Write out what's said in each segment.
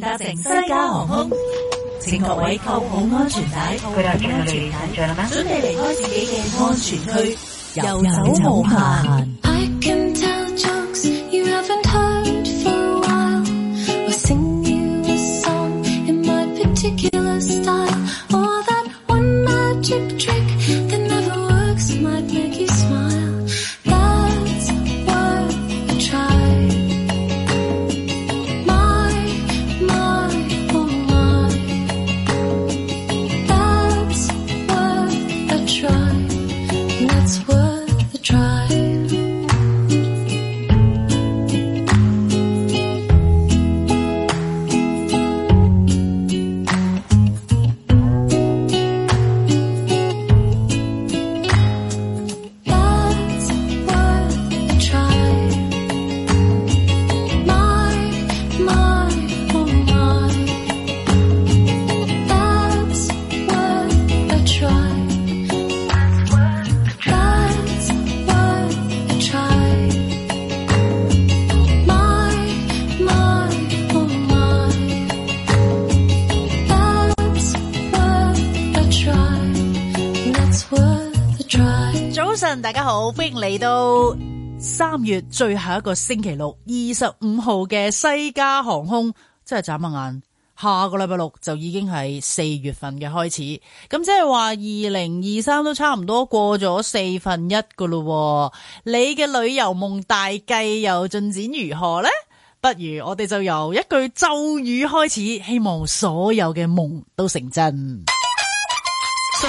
搭乘西加航空，請各位扣好安全帶，繫安全帶在啦咩？準備離開自己嘅安全區，又有走無限。月最後一個星期六，二十五號嘅西加航空真係眨下眼，下個禮拜六就已經係四月份嘅開始。咁即係話，二零二三都差唔多過咗四分一噶啦。你嘅旅遊夢大計又進展如何呢？不如我哋就由一句咒語開始，希望所有嘅夢都成真。So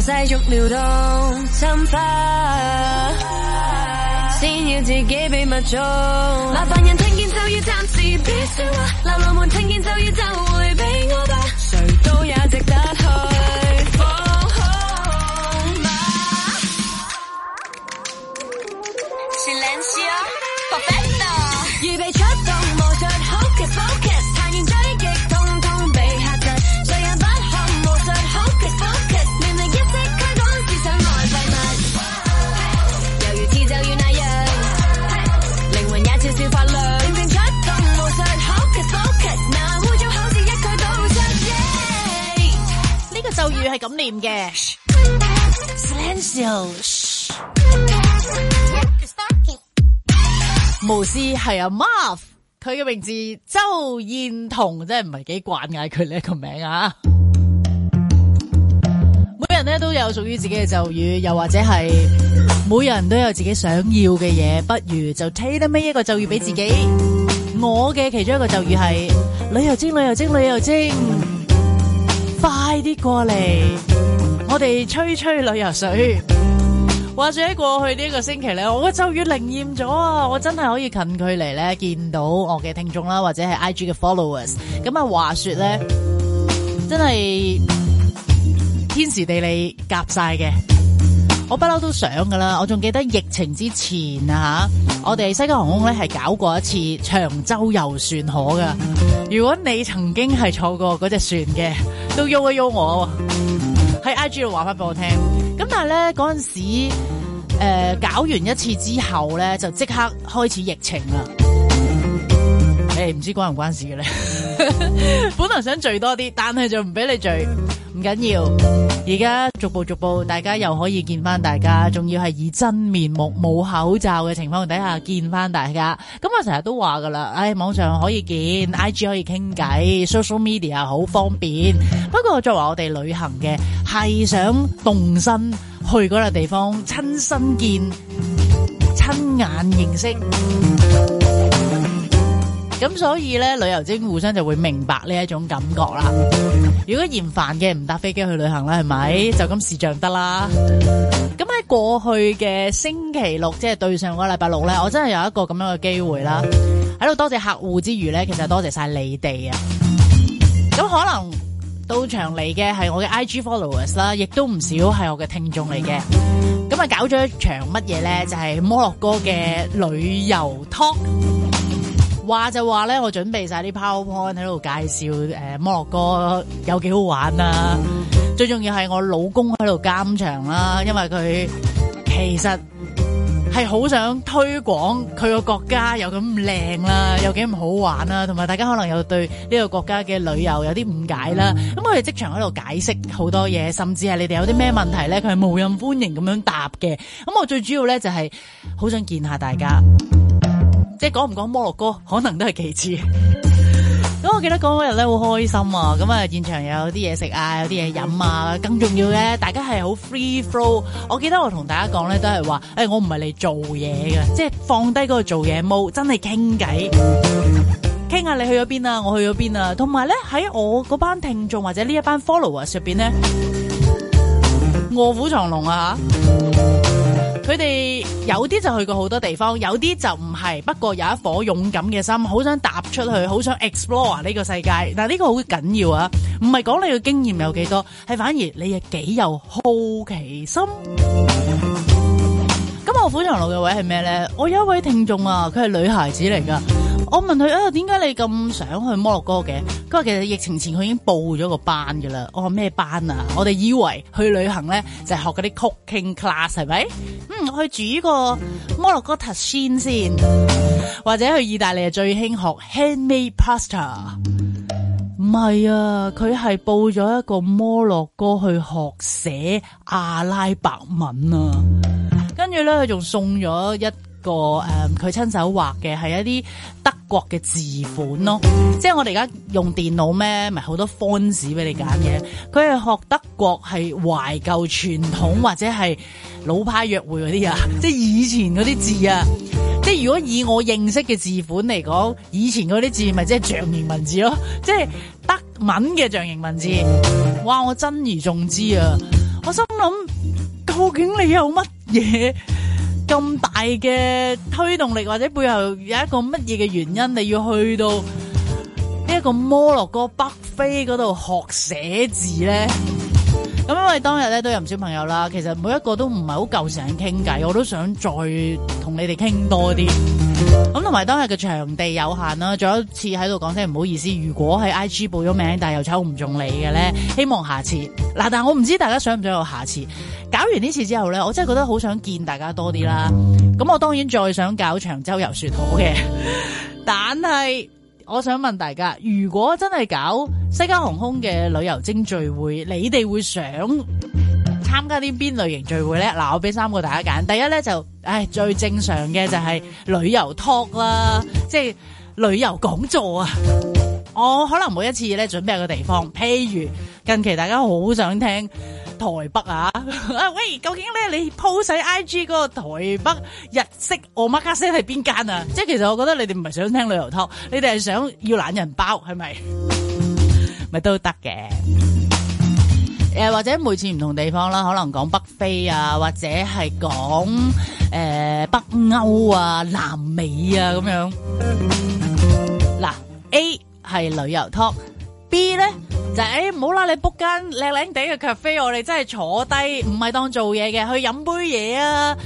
世俗撩動心花，先要自己秘密做。麻煩人聽見就要暫時別說話，流浪們聽見就要走。想念嘅，無師係阿 m a f f 佢嘅名字周燕彤，即係唔係幾慣嗌佢呢個名啊！每人咧都有屬於自己嘅咒語，又或者係每人都有自己想要嘅嘢，不如就 take 聽多咩一個咒語俾自己。我嘅其中一個咒語係旅遊精，旅遊精，旅遊精。快啲過嚟，我哋吹吹旅遊水。話說喺過去呢一個星期咧，我嘅咒語靈驗咗啊！我真係可以近距離咧見到我嘅聽眾啦，或者係 IG 嘅 followers。咁啊，話說咧，真係天時地利夾晒嘅。我不嬲都想噶啦，我仲記得疫情之前啊吓，我哋西加航空咧係搞過一次長洲遊船河噶。如果你曾經係坐過嗰隻船嘅，都喐一喐我喺 I G 度話翻俾我聽。咁但係咧嗰陣時，誒、呃、搞完一次之後咧，就即刻開始疫情啦。誒、欸、唔知關唔關事嘅咧， 本來想聚多啲，但係就唔俾你聚。唔緊要，而家逐步逐步，大家又可以見翻大家，仲要係以真面目冇口罩嘅情況底下見翻大家。咁我成日都話㗎喇，唉，網上可以見，IG 可以傾偈，social media 好方便。不過作為我哋旅行嘅，係想動身去嗰個地方，親身見、親眼認識。咁所以咧，旅遊精互相就會明白呢一種感覺啦。如果嫌煩嘅唔搭飛機去旅行啦，係咪？就咁視像得啦。咁喺過去嘅星期六，即係對上個禮拜六咧，我真係有一個咁樣嘅機會啦。喺度多謝客戶之餘咧，其實多謝晒你哋啊。咁可能到場嚟嘅係我嘅 IG followers 啦，亦都唔少係我嘅聽眾嚟嘅。咁啊搞咗場乜嘢咧？就係摩洛哥嘅旅遊 talk。話就話咧，我準備晒啲 PowerPoint 喺度，介紹誒，摩洛哥有幾好玩啊。最重要係我老公喺度監場啦、啊，因為佢其實係好想推廣佢個國家有咁靚啦，有幾唔好玩啦、啊，同埋大家可能又對呢個國家嘅旅遊有啲誤解啦、啊。咁我哋即場喺度解釋好多嘢，甚至係你哋有啲咩問題咧，佢係無任歡迎咁樣答嘅。咁我最主要咧就係好想見下大家。即係講唔講摩洛哥，可能都係其次。咁 我記得嗰日咧好開心啊，咁啊現場有啲嘢食啊，有啲嘢飲啊，更重要嘅，大家係好 free flow。我記得我同大家講咧都係話，誒、欸、我唔係嚟做嘢嘅，即係放低嗰個做嘢 mode，真係傾偈，傾下你去咗邊啊，我去咗邊啊，同埋咧喺我嗰班聽眾或者呢一班 follower 上邊咧臥虎藏龍啊，佢哋。有啲就去過好多地方，有啲就唔係，不過有一顆勇敢嘅心，好想踏出去，好想 explore 呢個世界。但係，呢個好緊要啊，唔係講你嘅經驗有幾多，係反而你又幾有好奇心。咁我虎長路嘅位係咩呢？我有一位聽眾啊，佢係女孩子嚟噶。我問佢啊，點解你咁想去摩洛哥嘅？佢話其實疫情前佢已經報咗個班噶啦。我話咩班啊？我哋以為去旅行咧就係學嗰啲 Cooking class 係咪？嗯，去煮呢個摩洛哥塔扇先，或者去意大利最興學 handmade pasta。唔係啊，佢係報咗一個摩洛哥去學寫阿拉伯文啊。跟住咧，佢仲送咗一個誒，佢、嗯、親手畫嘅係一啲德國嘅字款咯，即係我哋而家用電腦咩，咪好多 fonts 俾你揀嘅。佢係學德國系懷舊傳統或者係老派約會嗰啲啊，即係以前嗰啲字啊，即係如果以我認識嘅字款嚟講，以前嗰啲字咪即係象形文字咯，即係德文嘅象形文字。哇，我珍而重之啊！我心諗，究竟你有乜嘢？咁大嘅推動力，或者背後有一個乜嘢嘅原因，你要去到呢一個摩洛哥北非嗰度學寫字咧？咁因為當日咧都有唔少朋友啦，其實每一個都唔係好夠時間傾偈，我都想再同你哋傾多啲。咁同埋當日嘅場地有限啦，仲有一次喺度講聲唔好意思。如果喺 IG 報咗名，但係又抽唔中你嘅呢，希望下次。嗱，但係我唔知大家想唔想有下次。搞完呢次之後呢，我真係覺得好想見大家多啲啦。咁我當然再想搞長洲遊船河嘅，但係我想問大家，如果真係搞西加航空嘅旅遊精聚會，你哋會想？參加啲邊類型聚會咧？嗱，我俾三個大家揀。第一咧就，唉，最正常嘅就係旅遊 talk 啦，即係旅遊講座啊。我可能每一次咧準備一個地方，譬如近期大家好想聽台北啊，啊 喂，究竟咧你 po 晒 IG 嗰個台北日式 omakase 係邊間啊？即係其實我覺得你哋唔係想聽旅遊 talk，你哋係想要懶人包係咪？咪 都得嘅。誒或者每次唔同地方啦，可能講北非啊，或者係講誒北歐啊、南美啊咁樣。嗱，A 係旅遊 talk，B 咧就係誒，唔好啦，你 book 間靚靚地嘅 cafe，我哋真係坐低，唔係當做嘢嘅，去飲杯嘢啊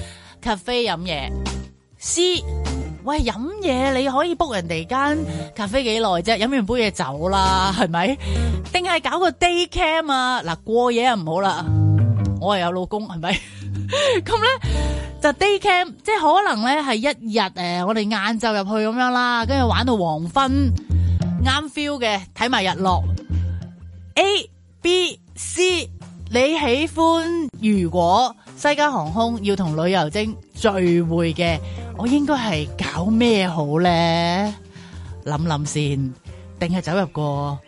，cafe 飲嘢。C 喂，飲嘢你可以 book 人哋間咖啡幾耐啫？飲完杯嘢走啦，係咪？定係搞個 day camp 啊？嗱、啊，過夜啊唔好啦。我又有老公係咪？咁咧 就 day camp，即係可能咧係一日誒，我哋晏晝入去咁樣啦，跟住玩到黃昏，啱 feel 嘅睇埋日落。A B C。你喜歡如果西加航空要同旅遊精聚會嘅，我應該係搞咩好咧？諗諗先，定係走入個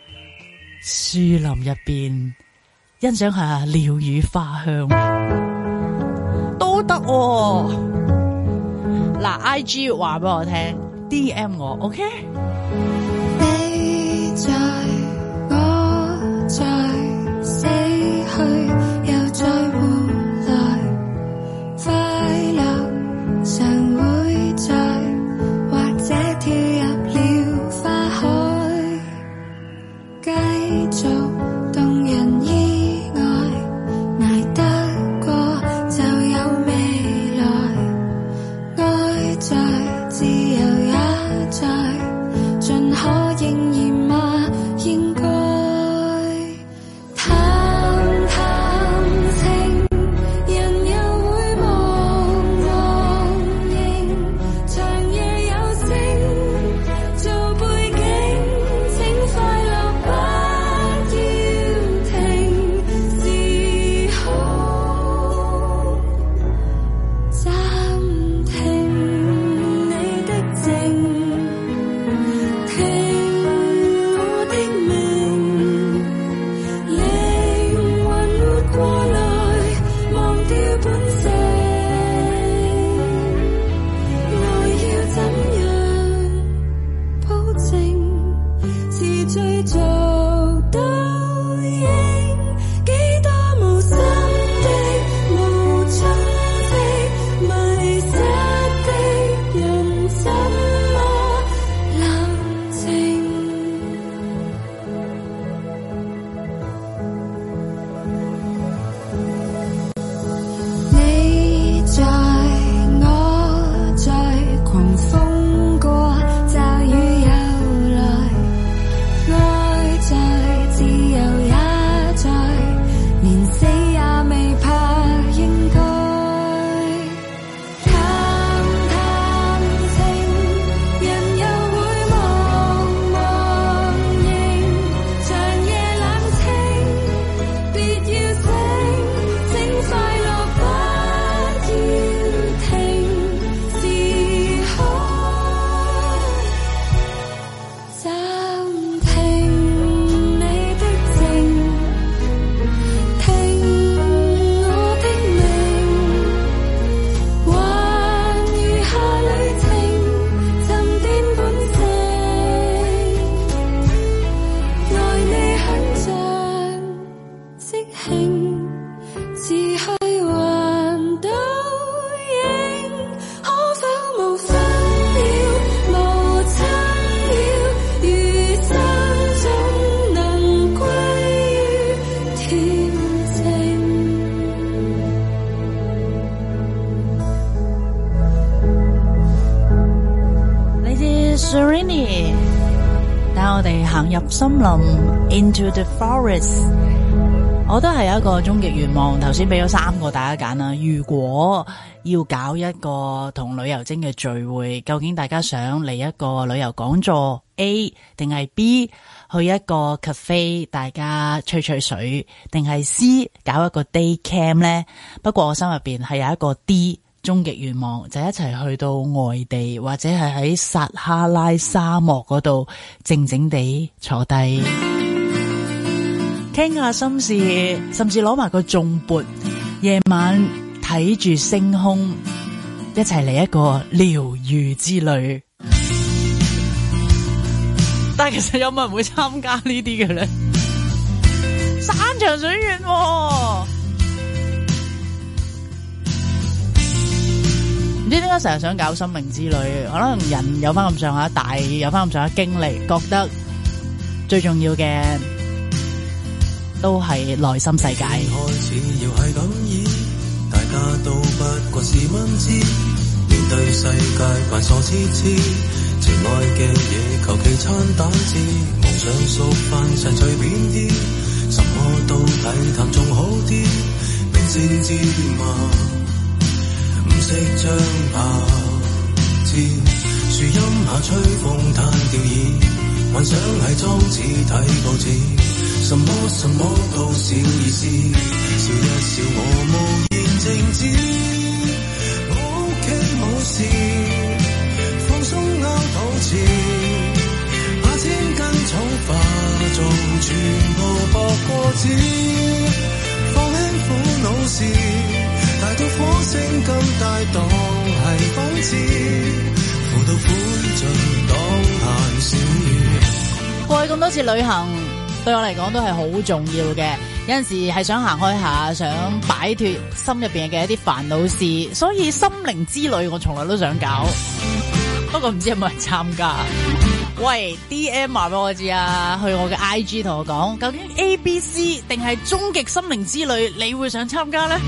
樹林入邊欣賞下鳥語花香都得哦。嗱，IG 話俾我聽，DM 我，OK？森林，into the forest，我都係有一個終極願望。頭先俾咗三個大家揀啦。如果要搞一個同旅遊精嘅聚會，究竟大家想嚟一個旅遊講座 A 定係 B，去一個 cafe 大家吹吹水，定係 C 搞一個 day camp 呢？不過我心入邊係有一個 D。終極願望就一齊去到外地，或者係喺撒哈拉沙漠嗰度靜靜地坐低，傾 下心事，甚至攞埋個帳篷，夜晚睇住星空，一齊嚟一個療愈之旅。 但係其實有冇人會參加呢啲嘅咧？ 山長水遠喎、哦！唔知點解成日想搞生命之旅，可能人有翻咁上下大，有翻咁上下經歷，覺得最重要嘅都係內心世界。開始要係咁，大家都不過係蚊，面對世界，情愛嘅嘢，求其夢想熟飯，隨便啲。啲。什麼都睇淡，仲好明色將白紙，樹蔭下吹風攤吊椅，幻想喺莊子睇報紙，什麼什麼都小意思，笑一笑我無言靜止，我屋企冇事，放鬆勾吐字，把青筋草化做全部白過紙。過去咁多次旅行，對我嚟講都係好重要嘅。有陣時係想行開下，想擺脫心入邊嘅一啲煩惱事，所以心靈之旅我從來都想搞。不過唔知有冇人參加？喂，D M 話俾我知啊，去我嘅 I G 同我講，究竟 A B C 定係終極心靈之旅，你會想參加呢？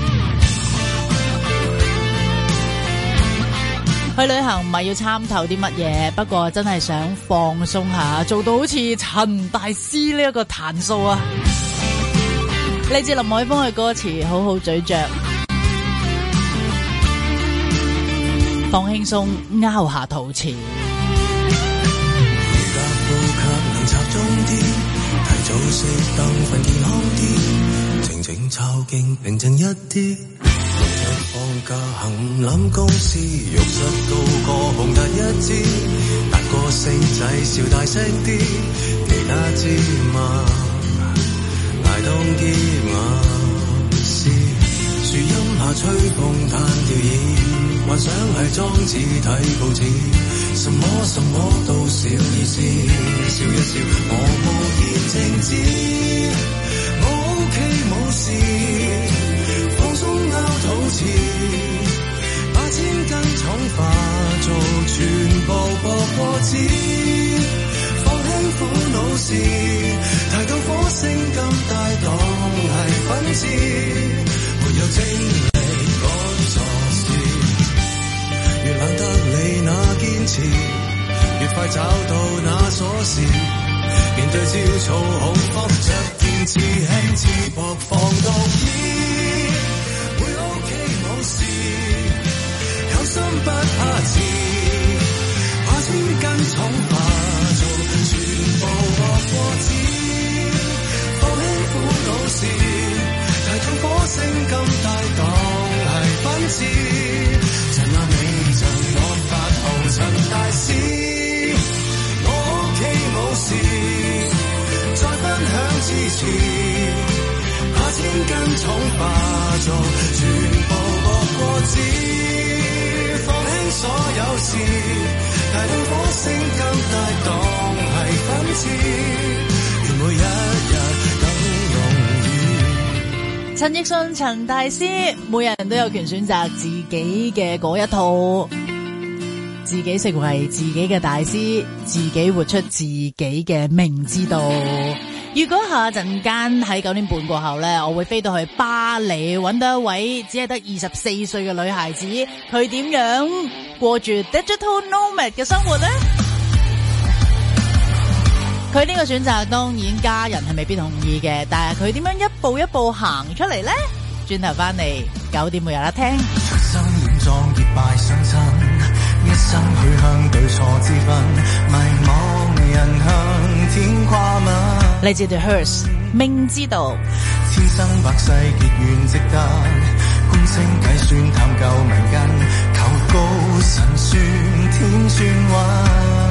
去旅行唔係要參透啲乜嘢，不過真係想放鬆下，做到好似陳大師呢一個彈數啊！嚟 自林海峰嘅歌詞，好好咀嚼，放輕鬆，拗下肚臍。早熄燈，瞓健康啲，靜靜，抽筋，平靜一啲。放假行攬公司，浴室高歌紅塔一支，達哥星仔笑大聲啲，其他芝麻，捱凍啲。牙絲，樹蔭下吹碰，彈調演。幻想係裝置，睇報紙，什麼什麼都小意思。笑一笑，我無言靜止，我 OK 冇事，放鬆拗肚臍，把千斤重化做全部薄過紙，放輕苦惱事，睇到火星咁大，當係粉刺，沒有精。越懶得理那堅持，越快找到那鎖匙。面對焦躁恐慌，著件輕資薄防毒衣。每屋期望事，有心不怕遲。怕千斤重，化做全部落過紙。放輕苦惱事，大到火星咁大當係粉刺。蕩蕩我屋企冇事，再分享之前，把千斤重化作全部薄過紙放輕所有事大大。到火星更大當係，每一日容易。陳奕迅、陳大師，每人都有權選擇自己嘅嗰一套。自己成為自己嘅大師，自己活出自己嘅命之道。如果下陣間喺九點半過後咧，我會飛到去巴黎，揾到一位只係得二十四歲嘅女孩子，佢點樣過住 digital nomad 嘅生活呢？佢呢個選擇當然家人係未必同意嘅，但係佢點樣一步一步行出嚟呢？轉頭翻嚟九點會有得聽。去向對錯之分，迷惘人向天誇問明知道，千生百世結緣值得，官星計算探究民間，求高神算天算運。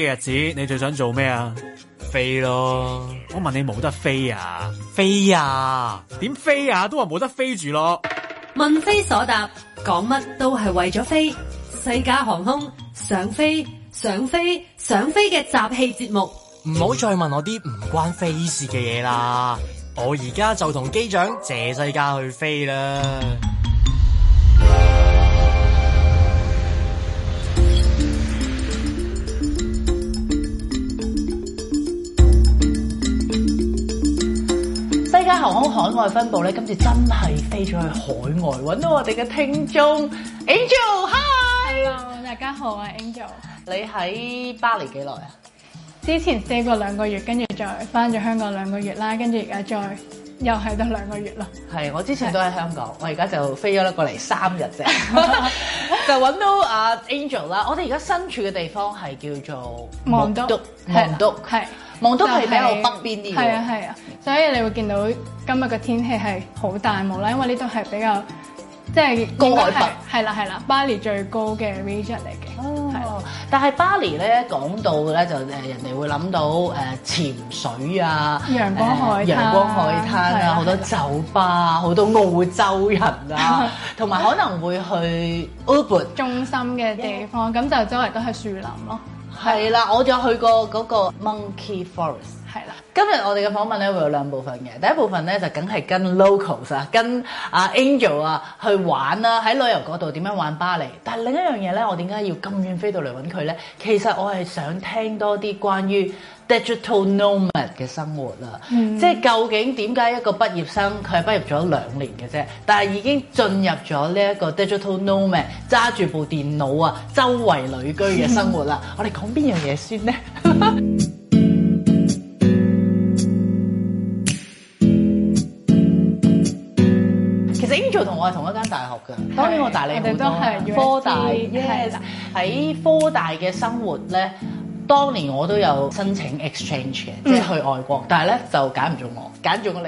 嘅日子，你最想做咩啊？飛咯吧！我問你冇得飛啊？飛啊？點飛啊？都話冇得飛住咯。問非所答，講乜都係為咗飛。西加航空想飛想飛想飛嘅集氣節目，唔好、嗯、再問我啲唔關飛事嘅嘢啦。我而家就同機長借西加去飛啦。海外分佈咧，今次真係飛咗去海外揾到我哋嘅聽眾 Angel，Hi，Angel, Hello，大家好啊，我係 Angel，你喺巴黎幾耐啊？之前試過兩個月，跟住再翻咗香港兩個月啦，跟住而家再。又係得兩個月啦。係，我之前都喺香港，是我而家就飛咗咧過嚟三日啫， 就揾到阿、啊、Angel 啦。我哋而家身處嘅地方係叫做望都，望都係望都係比較北邊啲。係啊係啊，啊，所以你會見到今日嘅天氣係好大霧啦，因為呢度係比較即係、就是、高海拔。係啦係啦，巴厘最高嘅 region 嚟嘅。但係巴厘咧，講到咧，就誒人哋會諗到誒、呃、潛水啊、陽光海灘、啊、陽光海灘啦、啊，好的多酒吧啊，好的多澳洲人啊，同埋 可能會去 Ubud 中心嘅地方，咁 Yeah. 就周圍都係樹林咯。係啦，我就去過嗰個 Monkey Forest。係啦，今日我哋嘅訪問咧會有兩部分嘅，第一部分咧就梗係跟 locals 啊，跟阿、啊、Angel 啊去玩啦、啊，喺旅遊角度點樣玩巴黎。但另一樣嘢咧，我點解要咁遠飛到嚟揾佢咧？其實我係想聽多啲關於 digital nomad 嘅生活啦、啊，嗯、即係究竟點解一個畢業生佢係畢業咗兩年嘅啫，但係已經進入咗呢一個 digital nomad，揸住部電腦啊，周圍旅居嘅生活啦、啊。嗯、我哋講邊樣嘢先呢？ Angel 同我係同一間大學嘅，當然我大你好多，科大 yes，喺科大嘅生活咧，當年我,我都 C, yes,、嗯、年我都有申請 exchange 嘅，嗯、即係去外國，但係咧就揀唔中我，揀中你。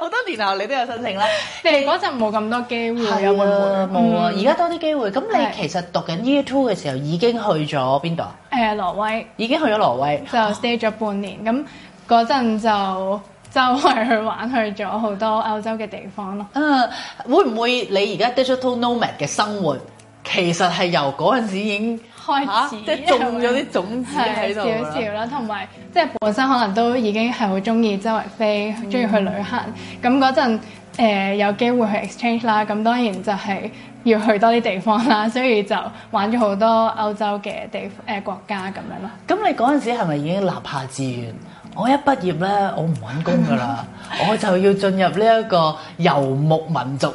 好多年啦，你都有申請啦。你嗰陣冇咁多機會啊，冇啊，而家、嗯、多啲機會。咁你其實讀緊 year two 嘅時候已經去咗邊度啊？誒，挪威，已經去咗挪威，就 stay 咗半年。咁嗰陣就。周圍去玩去咗好多歐洲嘅地方咯。嗯、啊，會唔會你而家 digital nomad 嘅生活其實係由嗰陣時已經開始？即係種咗啲種子喺度？會少少啦，同埋即係本身可能都已經係好中意周圍飛，中意去旅行。咁嗰陣有機會去 exchange 啦，咁當然就係要去多啲地方啦。所以就玩咗好多歐洲嘅地誒、呃、國家咁樣咯。咁你嗰陣時係咪已經立下志願？我一畢業咧，我唔揾工㗎喇， 我就要進入呢一個遊牧民族。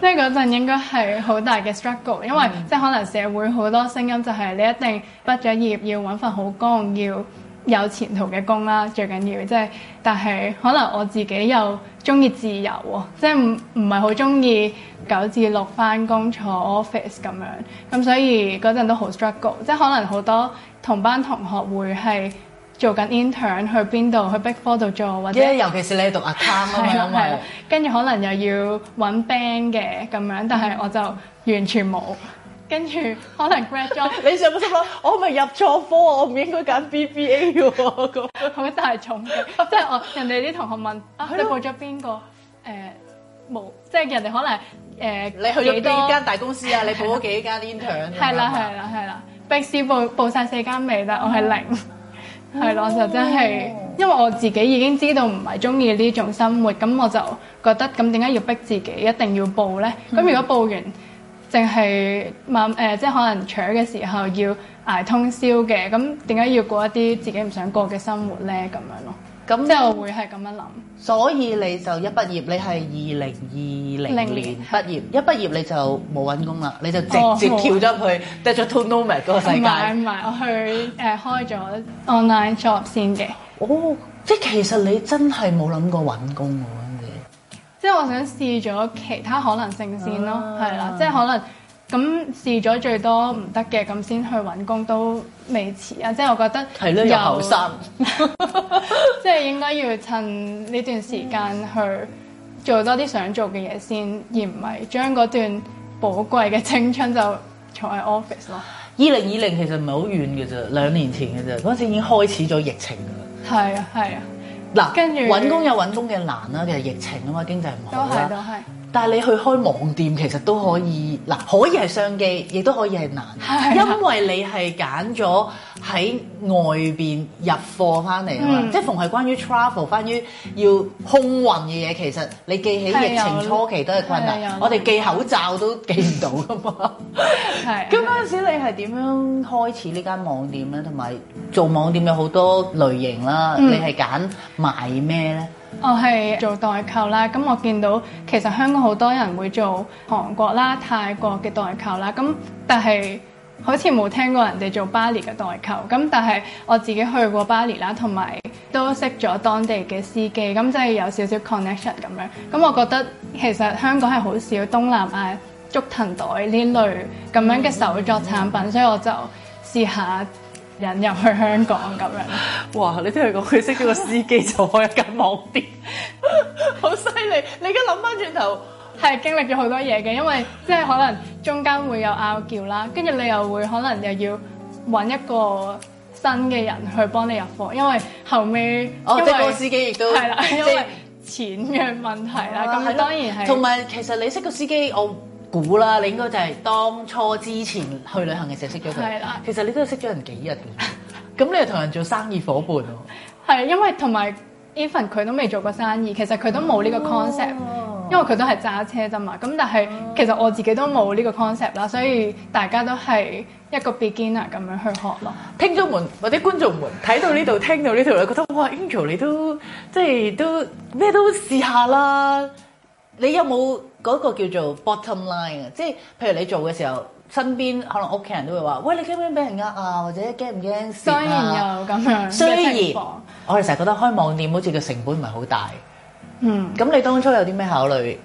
即係嗰陣應該係好大嘅 struggle，因為即係可能社會好多聲音就係你一定畢咗業要揾份好工，要有前途嘅工啦，最緊要、就係。即係但係可能我自己又中意自由喎，即係唔唔係好中意九至六返工坐 office 咁樣。咁所以嗰陣都好 struggle，即係可能好多同班同學會係。做緊 intern 去邊度？去 Big Four 度做或者，尤其是你讀 account 啊嘛，跟住可能又要揾 band 嘅咁樣，但係我就完全冇。跟住可能 grad job，你上唔上到？我咪入錯科，我唔應該揀 BBA 嘅。咁好大重即係我人哋啲同學問啊，你報咗邊個？誒冇，即係人哋可能你誒去咗幾多間大公司啊？你報咗幾間 intern？係啦係啦係啦，Big Four 報曬四間未？但我係零。係咯，就是、真係，因為我自己已經知道唔係中意呢種生活，咁我就覺得咁點解要逼自己一定要報呢？咁如果報完，淨係問誒，即係可能搶嘅時候要挨通宵嘅，咁點解要過一啲自己唔想過嘅生活呢？咁樣咯。咁就那會係咁樣諗，所以你就一畢業，你係二零二零年畢業，零一畢業你就冇揾工啦，你就直接跳咗去 digital nomad 嗰個世界。唔係唔係，我去誒、呃、開咗 online job 先嘅。 哦，即係其實你真係冇諗過揾工喎、啊，即係我想試咗其他可能性先咯，係啦、啊，即係可能。咁試咗最多唔得嘅，咁、嗯、先去揾工都未遲啊！嗯、即係我覺得又後年生，即 係 應該要趁呢段時間去做多啲想做嘅嘢先，而唔係將嗰段寶貴嘅青春就坐喺 office 咯。二零二零其實唔係好遠嘅啫，兩年前嘅啫，嗰陣已經開始咗疫情㗎啦。係啊係啊，嗱、啊，喏跟住著揾工有揾工嘅難啦，其實疫情啊嘛，經濟唔好啦。但係你去開網店其實都可以，嗱、可以係商機，亦都可以係難，因為你係揀咗喺外邊入貨翻嚟啊嘛，即係逢係關於 travel、關於要空運嘅嘢，其實你記起疫情初期都係困難，我哋寄口罩都寄唔到噶嘛。咁嗰陣時你係點樣開始呢間網店咧？同埋做網店有好多類型啦，你係揀賣咩咧？我係做代購啦，咁我見到其實香港好多人會做韓國啦、泰國嘅代購啦，咁但係好似冇聽過人哋做巴厘嘅代購，咁但係我自己去過巴厘啦，同埋都識咗當地嘅司機，咁即係有少少 connection 咁樣，咁我覺得其實香港係好少東南亞竹藤袋呢類咁樣嘅手作產品，所以我就試下，引入去香港咁樣，哇！你聽佢講，佢識咗個司機就開一間網店， 好犀利！你而家諗翻轉頭，係 經歷咗好多嘢嘅，因為即係可能中間會有拗撬啦，跟住你又會可能又要揾一個新嘅人去幫你入貨，因為後尾，我啲、哦為哦、司機亦都係啦，因為錢嘅問題啦，咁、就是啊、當然係同埋其實你識個司機，我。估啦，你應該就係當初之前去旅行嘅時候識咗佢。係啦的，其實你都係識咗人幾日咁 你係同人做生意伙伴喎。係，因為同埋 even 佢都未做過生意，其實佢都冇呢個 concept，、哦、因為佢都係揸車啫嘛。咁但係其實我自己都冇呢個 concept 啦，所以大家都係一個 beginner 咁樣去學咯。聽眾們，或者觀眾們睇到呢度，聽到呢條咧，覺得哇，Angel 你都即係都咩都試下啦。你有冇？嗰個叫做 bottom line 啊，即係譬如你做嘅時候，身邊可能屋企人都會話，喂，你驚唔驚俾人呃啊？或者驚唔驚蝕啊？雖然又咁樣，雖然我哋成日覺得開網店好似個成本唔係好大，嗯，咁你當初有啲咩考慮？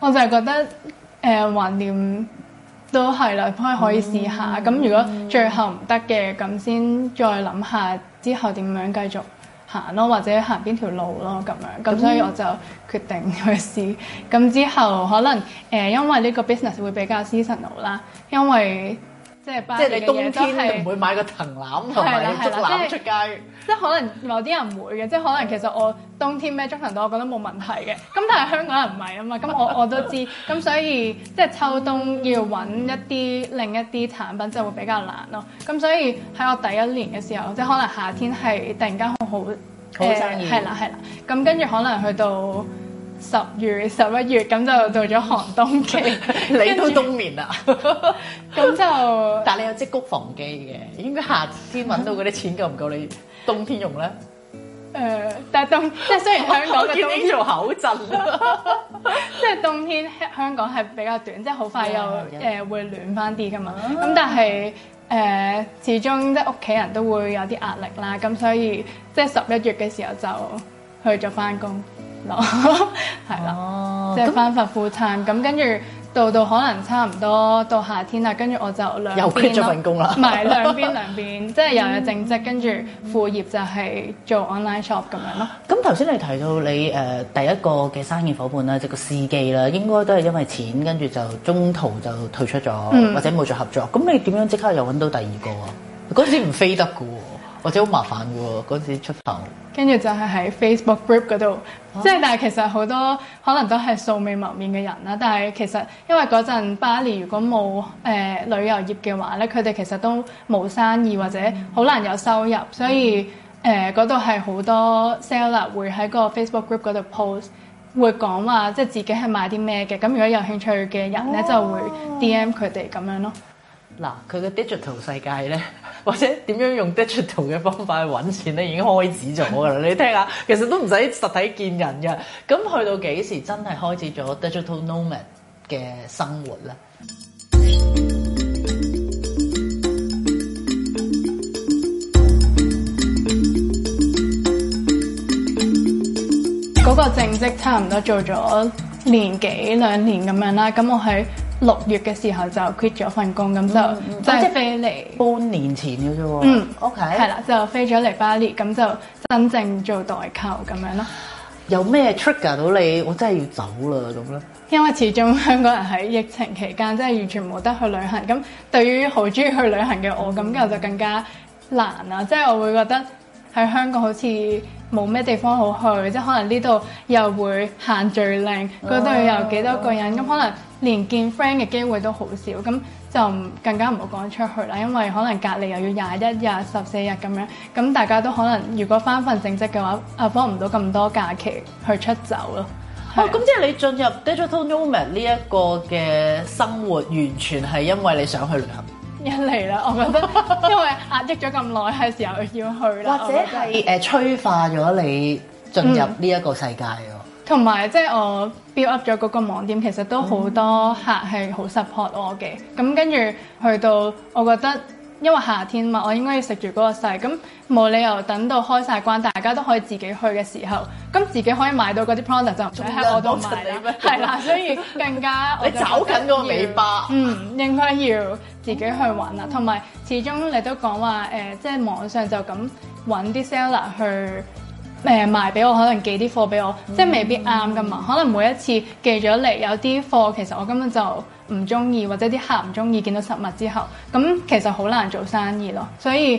我就係覺得，誒、呃，橫掂都係啦，開可，可以試下。咁、嗯、如果最後唔得嘅，咁先、嗯、再諗下之後點樣繼續。行咯，或者行邊條路咯，咁樣咁， 所以我就決定去試咁，之後可能誒、呃，因為呢個 business 會比較 seasonal 啦，因為。即係，即係你冬天唔會買個藤籃同埋竹籃出街即。即係可能某啲人唔會嘅，即係可能其實我冬天咩竹藤都，我覺得冇問題嘅。咁但係香港人唔係啊嘛，咁我我都知。咁 所以即係秋冬要揾一啲 另一啲產品即就會比較難咯。咁所以喺我第一年嘅時候，即係可能夏天係突然間好好生意，係啦係啦。咁跟住可能去到，十月十一月咁就到咗寒冬期， 你都冬眠啦。咁 就 但係你有積谷防饑嘅，應該夏天揾到嗰啲錢夠唔夠你冬天用咧？誒、 呃，但係冬即係雖然香港叫冬天仲好 震， 即係冬天香港係比較短，即係好快又誒、 呃、會暖翻啲噶嘛。咁 但係誒、呃、始終即係屋企人都會有啲壓力啦。咁所以即係十一月嘅時候就去咗翻工。咯， 係、就、啦、是，即係翻發副餐，咁跟住到到可能差唔多到夏天啦，跟住我就又兩邊咯，唔係兩邊兩邊，即係又有正職，跟 住副業就係做 online shop 咁樣咯。咁頭先你提到你誒第一個嘅生意伙伴咧，即、就、個、是、司機啦，應該都係因為錢，跟住就中途就退出咗，或者冇咗合作。咁你點樣即刻又揾到第二個啊？嗰時唔飛得嘅喎，或者好麻煩嘅喎，嗰陣時出頭，跟住就係喺 Facebook group 嗰度，啊、即係但係其實好多可能都係素未謀面嘅人啦。但係其實因為嗰陣巴黎如果冇誒、呃、旅遊業嘅話咧，佢哋其實都冇生意或者好難有收入，嗯、所以誒嗰度係好多 seller 會喺個 Facebook group 嗰度 post，會講話即係自己係賣啲咩嘅。咁如果有興趣嘅人咧，哦、就會 DM 佢哋咁樣咯。嗱，佢嘅 digital 世界咧。或者點樣用 digital 嘅方法去揾錢咧，已經開始咗噶啦！你聽下，其實都唔使實體見人嘅。咁去到幾時真係開始咗 digital nomad 嘅生活咧？嗰個正職差唔多做咗年幾兩年咁樣啦，咁我喺六月嘅時候就 quit 咗份工，咁、嗯嗯、就即飛嚟半年前嘅啫喎。嗯，OK，係啦，就飛咗嚟巴黎，咁就真正做代購咁樣咯。有咩 trigger 到你？「我真係要走啦咁咧。因為始終香港人喺疫情期間真係、就是、完全冇得去旅行，咁對於好中意去旅行嘅我，咁嘅、嗯、就更加難啦。即、就、係、是、我會覺得喺香港好似。冇咩地方好去，即係可能呢度又會限聚令，嗰度又幾多個人，咁、哦、可能連見 friend 嘅機會都好少，咁就更加唔好講出去啦。因為可能隔離又要廿一日、十四日咁樣，咁大家都可能如果翻份正職嘅話，啊幫，唔到咁多假期去出走咯。哦，咁即係你進入 digital nomad 呢一個嘅生活，完全係因為你想去旅行？一嚟啦，我覺得 因為壓抑咗咁耐，係時候要去啦。或者係誒、呃、催化咗你進入呢一個世界咯。同埋即係我 build up 咗嗰個網店，其實都好多客係好 support 我嘅。咁跟住去到，我覺得。因為夏天嘛，我應該要食住嗰個勢，咁冇理由等到開晒關，大家都可以自己去嘅時候，咁自己可以買到嗰啲 product 就唔使喺我度買，係啦，所以更加我你找緊嗰個尾巴，嗯，應該要自己去揾啦，同埋始終你都講話誒，即、呃、係、就是、網上就咁揾啲 seller 去。誒、呃、賣俾我，可能寄啲貨俾我，嗯、即係未必啱噶嘛。可能每一次寄咗嚟，有啲貨其實我根本就唔中意，或者啲客唔中意，見到實物之後，咁其實好難做生意咯。所以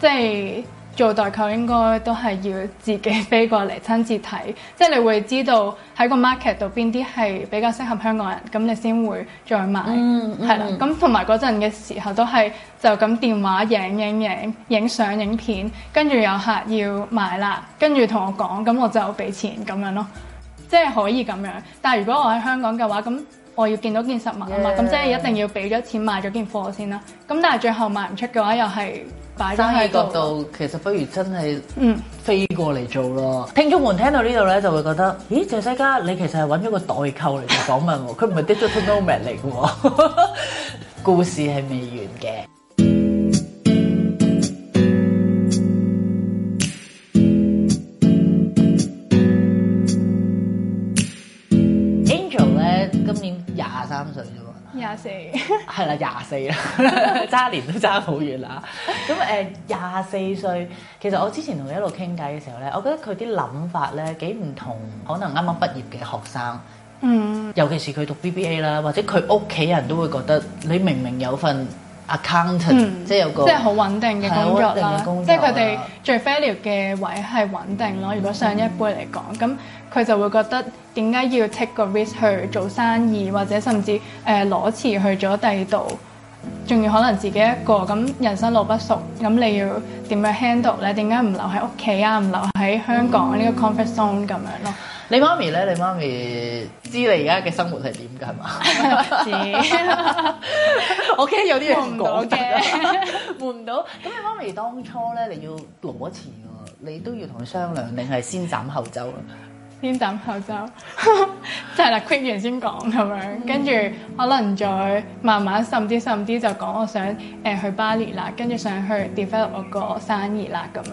即係。做代購應該都係要自己飛過嚟親自睇，即係你會知道喺個 market 度邊啲係比較適合香港人，咁你先會再買，係啦、嗯。咁同埋嗰陣嘅時候都係就咁電話影影影影相影片，跟住有客要買啦，跟住同我講，咁我就俾錢咁樣咯，即係可以咁樣。但係如果我喺香港嘅話，咁我要見到件實物啊嘛，咁耶 即係一定要俾咗錢買咗件貨先啦。咁但係最後賣唔出嘅話，又係。擺喺角度，其實不如真係飛過嚟做咯。嗯、聽眾們聽到呢度咧，就會覺得咦，謝世嘉，你其實係揾咗個代購嚟做訪問喎，佢唔係 digital nomad 嚟嘅喎， 故事係未完嘅。 Angel 咧今年廿三歲啫嘛，廿四。係啦，廿四啊，爭 年都爭好遠啦。咁誒， 廿四歲，其實我之前同佢一路傾偈嘅時候咧，我覺得佢啲諗法咧幾唔同，可能啱啱畢業嘅學生，嗯，尤其是佢讀 BBA 啦，或者佢屋企人都會覺得你明明有份。accountant、嗯、即係有個，即係好穩定嘅工作啦。作啦即係佢哋最 value 嘅位係穩定咯。如果上一輩嚟講，咁佢、嗯、就會覺得點解要 take 個 risk 去做生意，或者甚至誒攞錢去咗第二度，仲要可能自己一個咁人生路不熟，咁你要點樣 handle 咧？點解唔留喺屋企啊？唔留喺香港呢、嗯、個 comfort zone 咁樣咯。你媽咪咧？你媽咪知你而家嘅生活係點㗎？係嘛？知 是， 我驚有啲嘢講唔到嘅，換唔不到。咁 到你媽咪當初咧，你要攞錢喎、啊，你都要同佢商量，定係先斬後奏啊？先斬後奏， 就係啦，quick 完先講咁樣，跟住、嗯、可能再慢慢滲啲滲啲，就講我想誒去巴黎啦，跟住想去 develop 我個生意啦，咁樣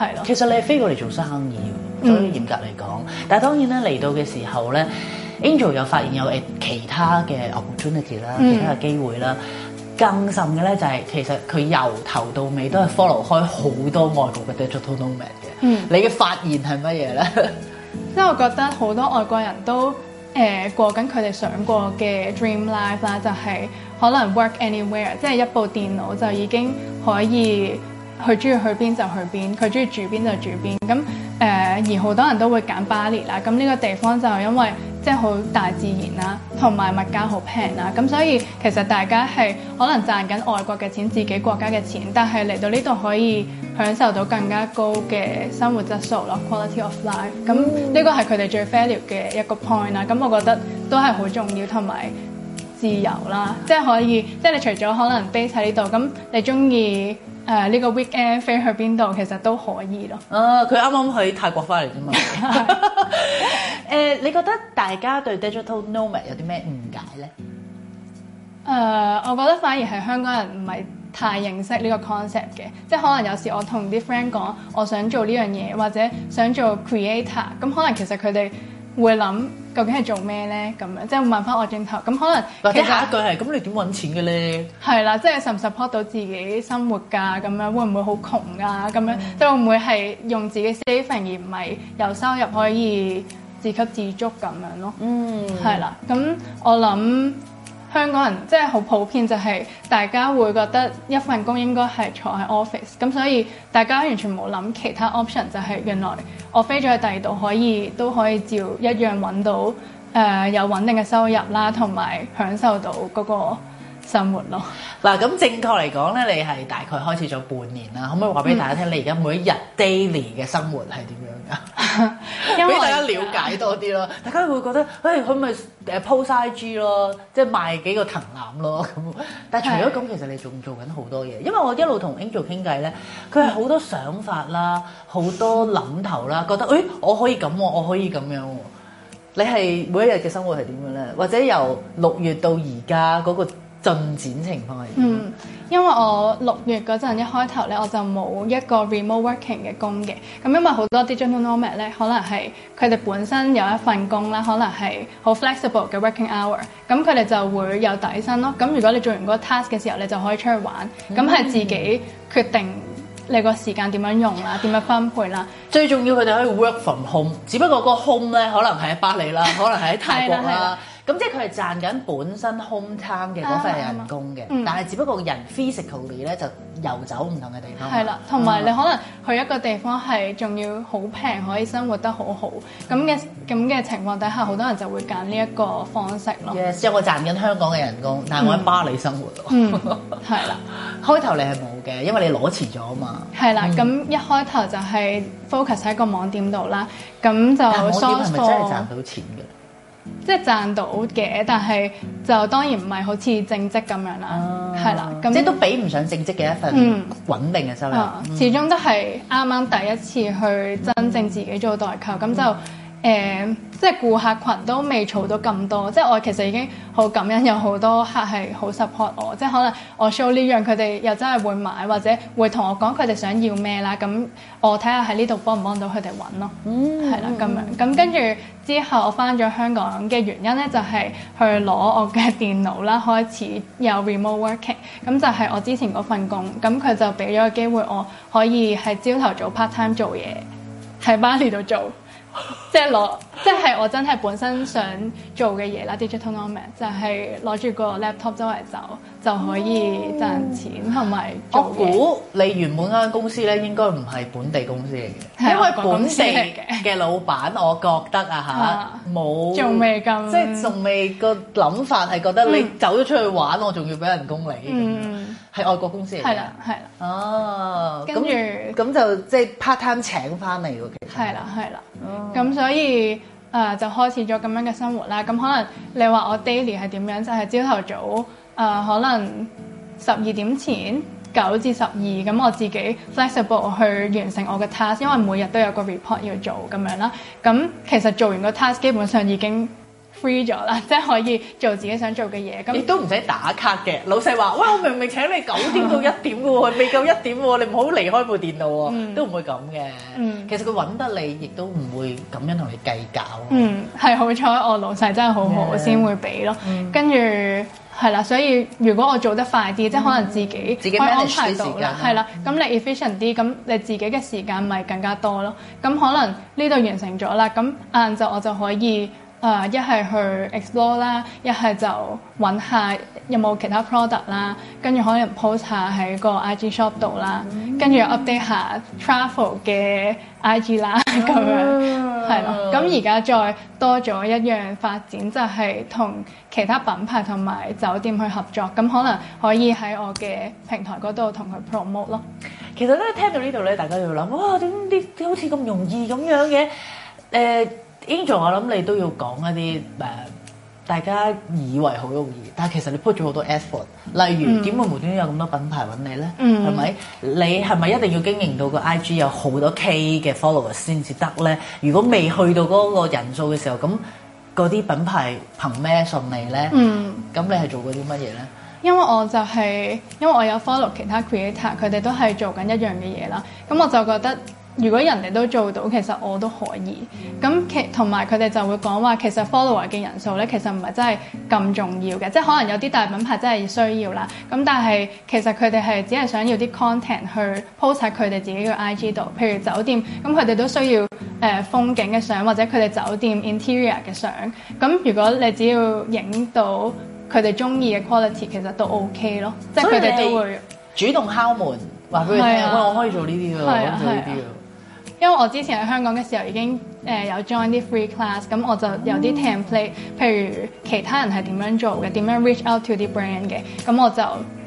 係咯。其實你係飛過嚟做生意。Mm. 所以嚴格嚟講，但係當然咧嚟到嘅時候咧，Angel 有發現有誒其他嘅 opportunity 啦，mm. 其他嘅機會啦。更甚嘅咧就係其實佢由頭到尾都係 follow 開好多外國嘅 digital nomad 嘅。Mm. 你嘅發現係乜嘢咧？即 係我覺得好多外國人都誒過緊佢哋想過嘅 dream life 啦，就係可能 work anywhere，即係一部電腦就已經可以。佢中意去邊就去邊，佢中意住邊就住邊。咁誒、呃，而好多人都會揀巴黎啦。咁呢個地方就因為即係好大自然啦，同埋物價好平啦。咁所以其實大家係可能賺緊外國嘅錢，自己國家嘅錢，但係嚟到呢度可以享受到更加高嘅生活質素咯 （quality of life）。咁呢個係佢哋最 value 嘅一個 point 啦。咁我覺得都係好重要，同埋自由啦，即係可以即係你除咗可能 base 喺呢度，咁你中意。誒呢、呃這個 weekend 飛去邊度，其實都可以咯。啊，佢啱啱喺泰國翻嚟啫嘛。誒、 呃，你覺得大家對 digital nomad 有啲咩誤解咧？誒、呃，我覺得反而係香港人唔係太認識呢個 concept 嘅，即係可能有時我同啲 friend 講我想做呢樣嘢，或者想做 creator，咁可能其實佢哋。會諗究竟係做咩咧？咁樣即係問翻我轉頭，咁可能佢下，下一句係：咁你點揾錢嘅咧？係啦，即係 support 到自己生活㗎，咁樣會唔會好窮㗎，啊？咁樣即係、嗯、會唔會係用自己 saving 而唔係有收入可以自給自足咁樣咯？嗯，係啦，咁我諗。香港人即係好普遍，就係大家會覺得一份工應該係坐喺 office，咁所以大家完全冇諗其他 option，就係原來我飛咗去第二度可以都可以照一樣揾到誒、呃、有穩定嘅收入啦，同埋享受到嗰個。生活咯，嗱咁正確嚟講咧，你係大概開始咗半年啦，嗯、可唔可以話俾大家聽，你而家每一日 daily 嘅生活係點樣㗎？俾 大家瞭解多啲咯， 大家會覺得，誒佢咪誒 post IG 咯，即係賣幾個藤籃咯咁。但係除咗咁，是其實你仲做緊好多嘢，因為我一路同 Angel 傾偈咧，佢係好多想法啦，好多諗頭啦，覺得誒我可以咁喎，我可以咁樣喎。你係每一日嘅生活係點樣咧？或者由六月到而家嗰個？進展情況係點？嗯，因為我六月嗰陣一開頭咧，我就冇一個 remote working 嘅工嘅。咁因為好多 digital nomad 咧，可能係佢哋本身有一份工啦，可能係好 flexible 嘅 working hour，咁佢哋就會有底薪咯。咁如果你做完嗰 task 嘅時候，你就可以出去玩，咁係、嗯、自己決定你個時間點樣用啦，點樣分配啦。最重要佢哋可以 work from home，只不過個 home 咧可能係喺巴黎啦，可能係喺泰國啦。 咁即係佢係賺緊本身 home time 嘅嗰份人工嘅，嗯、但係只不過人 physically 咧就游走唔同嘅地方。係啦，同埋你可能去一個地方係仲要好平，可以生活得好好。咁嘅咁嘅情況底下，好多人就會揀呢一個方式咯。Yes，即係我賺緊香港嘅人工，但係我喺巴黎生活。嗯 了，係啦。開頭你係冇嘅，因為你攞遲咗啊嘛。係啦，咁一開頭就係 focus 喺個網店度啦，咁就 store。係咪真係賺到錢㗎？即係賺到嘅，但係就當然唔係好似正職咁樣、哦、啦，係啦，即係都比唔上正職嘅一份穩定嘅收入。嗯嗯、始終都係啱啱第一次去真正自己做代購，咁、嗯、就誒。嗯呃即係顧客群都未湊到咁多，即係我其實已經好感恩有好多客係好 support 我，即係可能我 show 呢樣佢哋又真係會買，或者會同我講佢哋想要咩啦。咁我睇下喺呢度幫唔幫到佢哋揾咯，係啦咁樣。咁跟住之後我返咗香港嘅原因咧，就係、是、去攞我嘅電腦啦，開始有 remote working。咁就係我之前嗰份工，咁佢就俾咗個機會我可以喺朝頭早 part time 做嘢，喺巴黎度做。 即係攞，即係我真係本身想做嘅嘢啦，digital nomad 就係攞住個 laptop 周圍走就可以賺錢，係咪？我估你原本嗰間公司咧，應該唔係本地公司嚟嘅， 因為本地嘅老闆，我覺得啊吓冇，仲未咁，有即係仲未個諗法係覺得你走咗出去玩，嗯、我仲要俾人工你。嗯係外國公司嚟㗎，係啦，係啦。哦，跟住，咁就即係 part time 請翻嚟喎，其實係啦，係啦。咁、哦、所以誒、呃、就開始咗咁樣嘅生活啦。咁可能你話我 daily 係點樣？就係朝頭早誒、呃，可能十二點前九至十二咁，12, 我自己 flexible 去完成我嘅 task，因為每日都有個 report 要做咁樣啦。咁其實做完個 task，基本上已經。free 咗啦，即係可以做自己想做嘅嘢。咁亦都唔使打卡嘅。老細話：喂，我明明請你九點到一點嘅喎， 未夠一點喎，你唔好離開部電腦喎，嗯、都唔會咁嘅。嗯、其實佢揾得你，亦都唔會咁樣同你計較、啊。嗯，係好彩，我老細真係好好先會俾咯。嗯、跟住係啦，所以如果我做得快啲，嗯、即係可能自己可以安排到啦。係啦、啊，咁你 efficient 啲，咁你自己嘅時間咪更加多咯。咁可能呢度完成咗啦，咁晏晝我就可以。誒、uh, 一係去 explore 啦，一係就揾下有冇其他 product 啦，跟住可能 post 下喺個 IG shop 度啦，跟住、mm. update 下 travel 嘅 IG 啦咁、oh. 樣，係咯。咁而家再多咗一樣發展就係、是、同其他品牌同埋酒店去合作，咁可能可以喺我嘅平台嗰度同佢 promote 咯。其實咧聽到呢度咧，大家就諗，哇點解好似咁容易咁樣嘅誒？呃 Angel，我諗你都要講一啲誒，大家以為好容易，但係其實你鋪咗好多 effort。例如點、嗯、會無端端有咁多品牌揾你咧？係咪、嗯？你係咪一定要經營到個 IG 有好多 K 嘅 followers 先至得咧？如果未去到嗰個人數嘅時候，咁嗰啲品牌憑咩信你咧？嗯，咁你係做過啲乜嘢咧？因為我就係因為我有 follow 其他 creator，佢哋都係做緊一樣嘅嘢啦。咁我就覺得。如果人哋都做到，其實我都可以。咁、嗯、其同埋佢哋就會講話，其實 follower 嘅人數呢，其實唔係真係咁重要嘅。即係可能有啲大品牌真係需要啦。咁但係其實佢哋係只係想要啲 content 去 po 曬佢哋自己嘅 IG 度。譬如酒店，咁佢哋都需要誒、呃、風景嘅相，或者佢哋酒店 interior 嘅相。咁如果你只要影到佢哋中意嘅 quality，其實都 OK 咯。以即係佢哋都會主動敲門話佢哋聽，喂、啊、我可以做呢啲㗎，啊、我可以做呢啲㗎。因為我之前喺香港嘅時候已經誒、呃、有 join 啲 free class，咁我就有啲 template，譬如其他人係點樣做嘅，點樣 reach out to 啲 brand 嘅，咁我就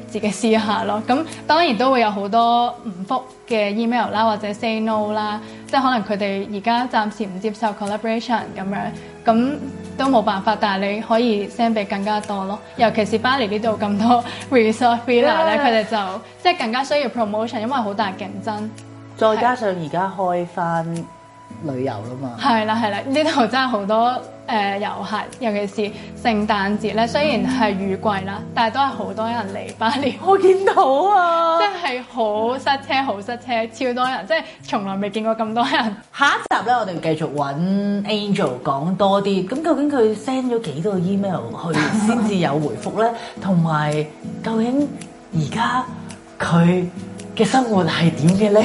自己試下咯。咁當然都會有好多唔覆嘅 email 啦，或者 say no 啦，即係可能佢哋而家暫時唔接受 collaboration 咁樣，咁都冇辦法，但係你可以 send 俾更加多咯。尤其是巴黎呢度咁多 resort villa 咧，佢哋就即係更加需要 promotion，因為好大競爭。再加上而家開翻旅遊啦嘛，係啦係啦，呢度真係好多誒、呃、遊客，尤其是聖誕節咧。雖然係雨季啦，但係都係好多人嚟。拜年我見到啊，即係好塞車，好塞車，超多人，即係從來未見過咁多人。下一集咧，我哋繼續揾 Angel 講多啲。咁究竟佢 send 咗幾多個 email 去先至有回覆咧？同埋 究竟而家佢嘅生活係點嘅咧？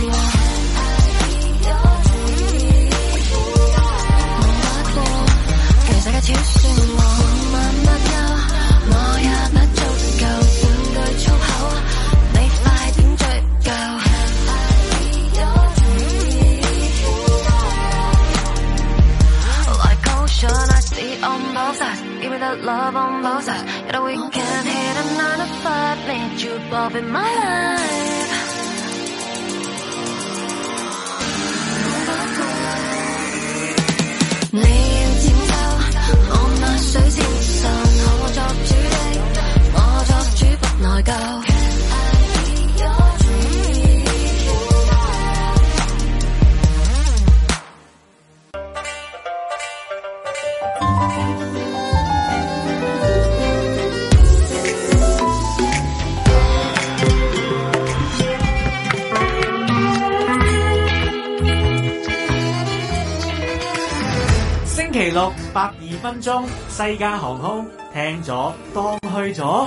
中西加航空聽咗當去咗，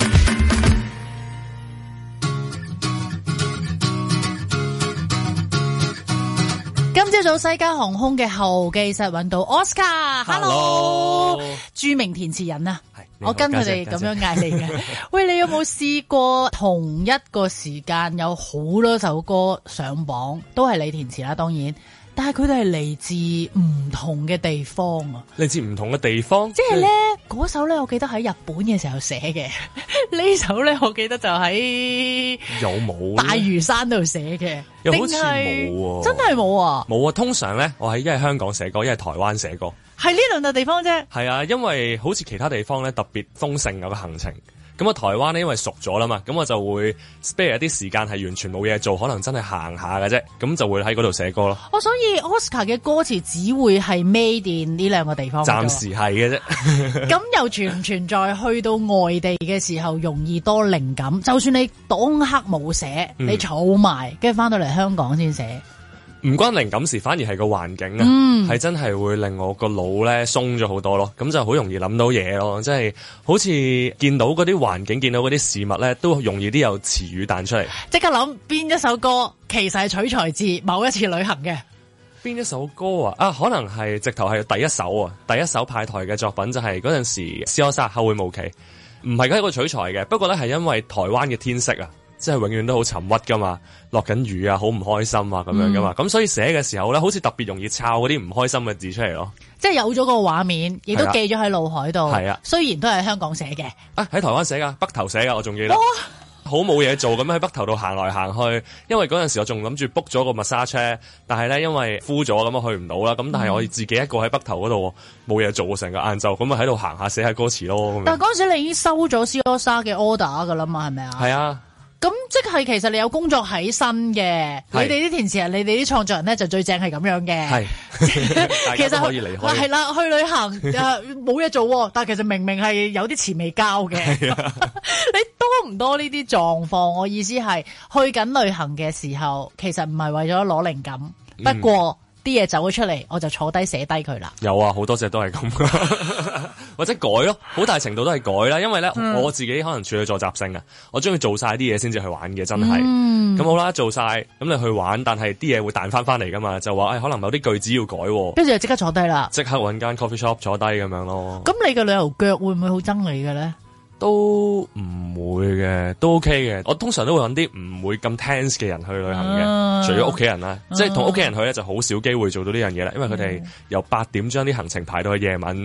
今朝早西加航空嘅候機室揾到 Oscar。Hello，著名填詞人啊，我跟佢哋咁樣嗌你嘅，姐姐姐姐 喂，你有冇試過同一個時間有好多首歌上榜？都係你填詞啦，當然。但係佢哋係嚟自唔同嘅地方啊！嚟自唔同嘅地方，即係咧嗰首咧，我記得喺日本嘅時候寫嘅。 首呢首咧，我記得就喺有冇大嶼山度寫嘅，又好似冇、啊，真係冇啊！冇啊！通常咧，我喺一係香港寫歌，一係台灣寫歌，係呢兩笪地方啫。係啊，因為好似其他地方咧，特別豐盛有個行程。咁啊，我台灣咧因為熟咗啦嘛，咁我就會 spare 一啲時間係完全冇嘢做，可能真係行下嘅啫，咁就會喺嗰度寫歌咯。我、哦、所以 Oscar 嘅歌詞只會係 made in 呢兩個地方，暫時係嘅啫。咁 又存唔存在去到外地嘅時候容易多靈感？就算你當刻冇寫，你儲埋，跟住翻到嚟香港先寫。唔關靈感時，反而係個環境啊，係、嗯、真係會令我個腦咧鬆咗好多咯，咁就好容易諗到嘢咯，即係好似見到嗰啲環境，見到嗰啲事物咧，都容易啲有詞語彈出嚟。即刻諗邊一首歌，其實係取材自某一次旅行嘅。邊一首歌啊？啊，可能係直頭係第一首啊，第一首派台嘅作品就係嗰陣時《斯洛薩後會無期》，唔係嗰一個取材嘅，不過咧係因為台灣嘅天色啊。即係永遠都好沉鬱噶嘛，落緊雨啊，好唔開心啊，咁樣噶嘛，咁、嗯、所以寫嘅時候咧，好似特別容易抄嗰啲唔開心嘅字出嚟咯。即係有咗個畫面，亦都記咗喺腦海度。係啊，雖然都係香港寫嘅。啊，喺台灣寫噶，北投寫噶，我仲記得。哇！好冇嘢做咁喺北投度行來行去，因為嗰陣時我仲諗住 book 咗個密莎車，但係咧因為枯咗咁啊去唔到啦。咁、嗯、但係我哋自己一個喺北投嗰度冇嘢做成個晏晝，咁啊喺度行下寫下歌詞咯。咁樣，但係嗰陣時你已經收咗 COSA 嘅 order 噶啦嘛，係咪啊？係啊。咁即係其實你有工作喺身嘅，是你哋啲填視人、你哋啲創作人咧就最正係咁樣嘅。係是， 其實係啦 去旅行冇嘢、呃、做、哦，但係其實明明係有啲詞未交嘅。是的 你多唔多呢啲狀況？我意思係去緊旅行嘅時候，其實唔係為咗攞靈感，嗯、不過。啲嘢走咗出嚟，我就坐低寫低佢啦。有啊，好多隻都係咁， 或者改咯，好大程度都係改啦。因為咧，嗯、我自己可能處女座雜性啊，我中意做晒啲嘢先至去玩嘅，真係。咁、嗯、好啦，做晒，咁你去玩，但係啲嘢會彈翻翻嚟噶嘛？就話誒、哎，可能某啲句子要改，跟住就即刻坐低啦。即刻搵間 coffee shop 坐低咁樣咯。咁你嘅旅遊腳會唔會好憎你嘅咧？都唔會嘅，都 OK 嘅。我通常都會揾啲唔會咁 tense 嘅人去旅行嘅，啊、除咗屋企人啦，啊、即係同屋企人去咧就好少機會做到呢樣嘢啦，嗯、因為佢哋由八點將啲行程排到去夜晚。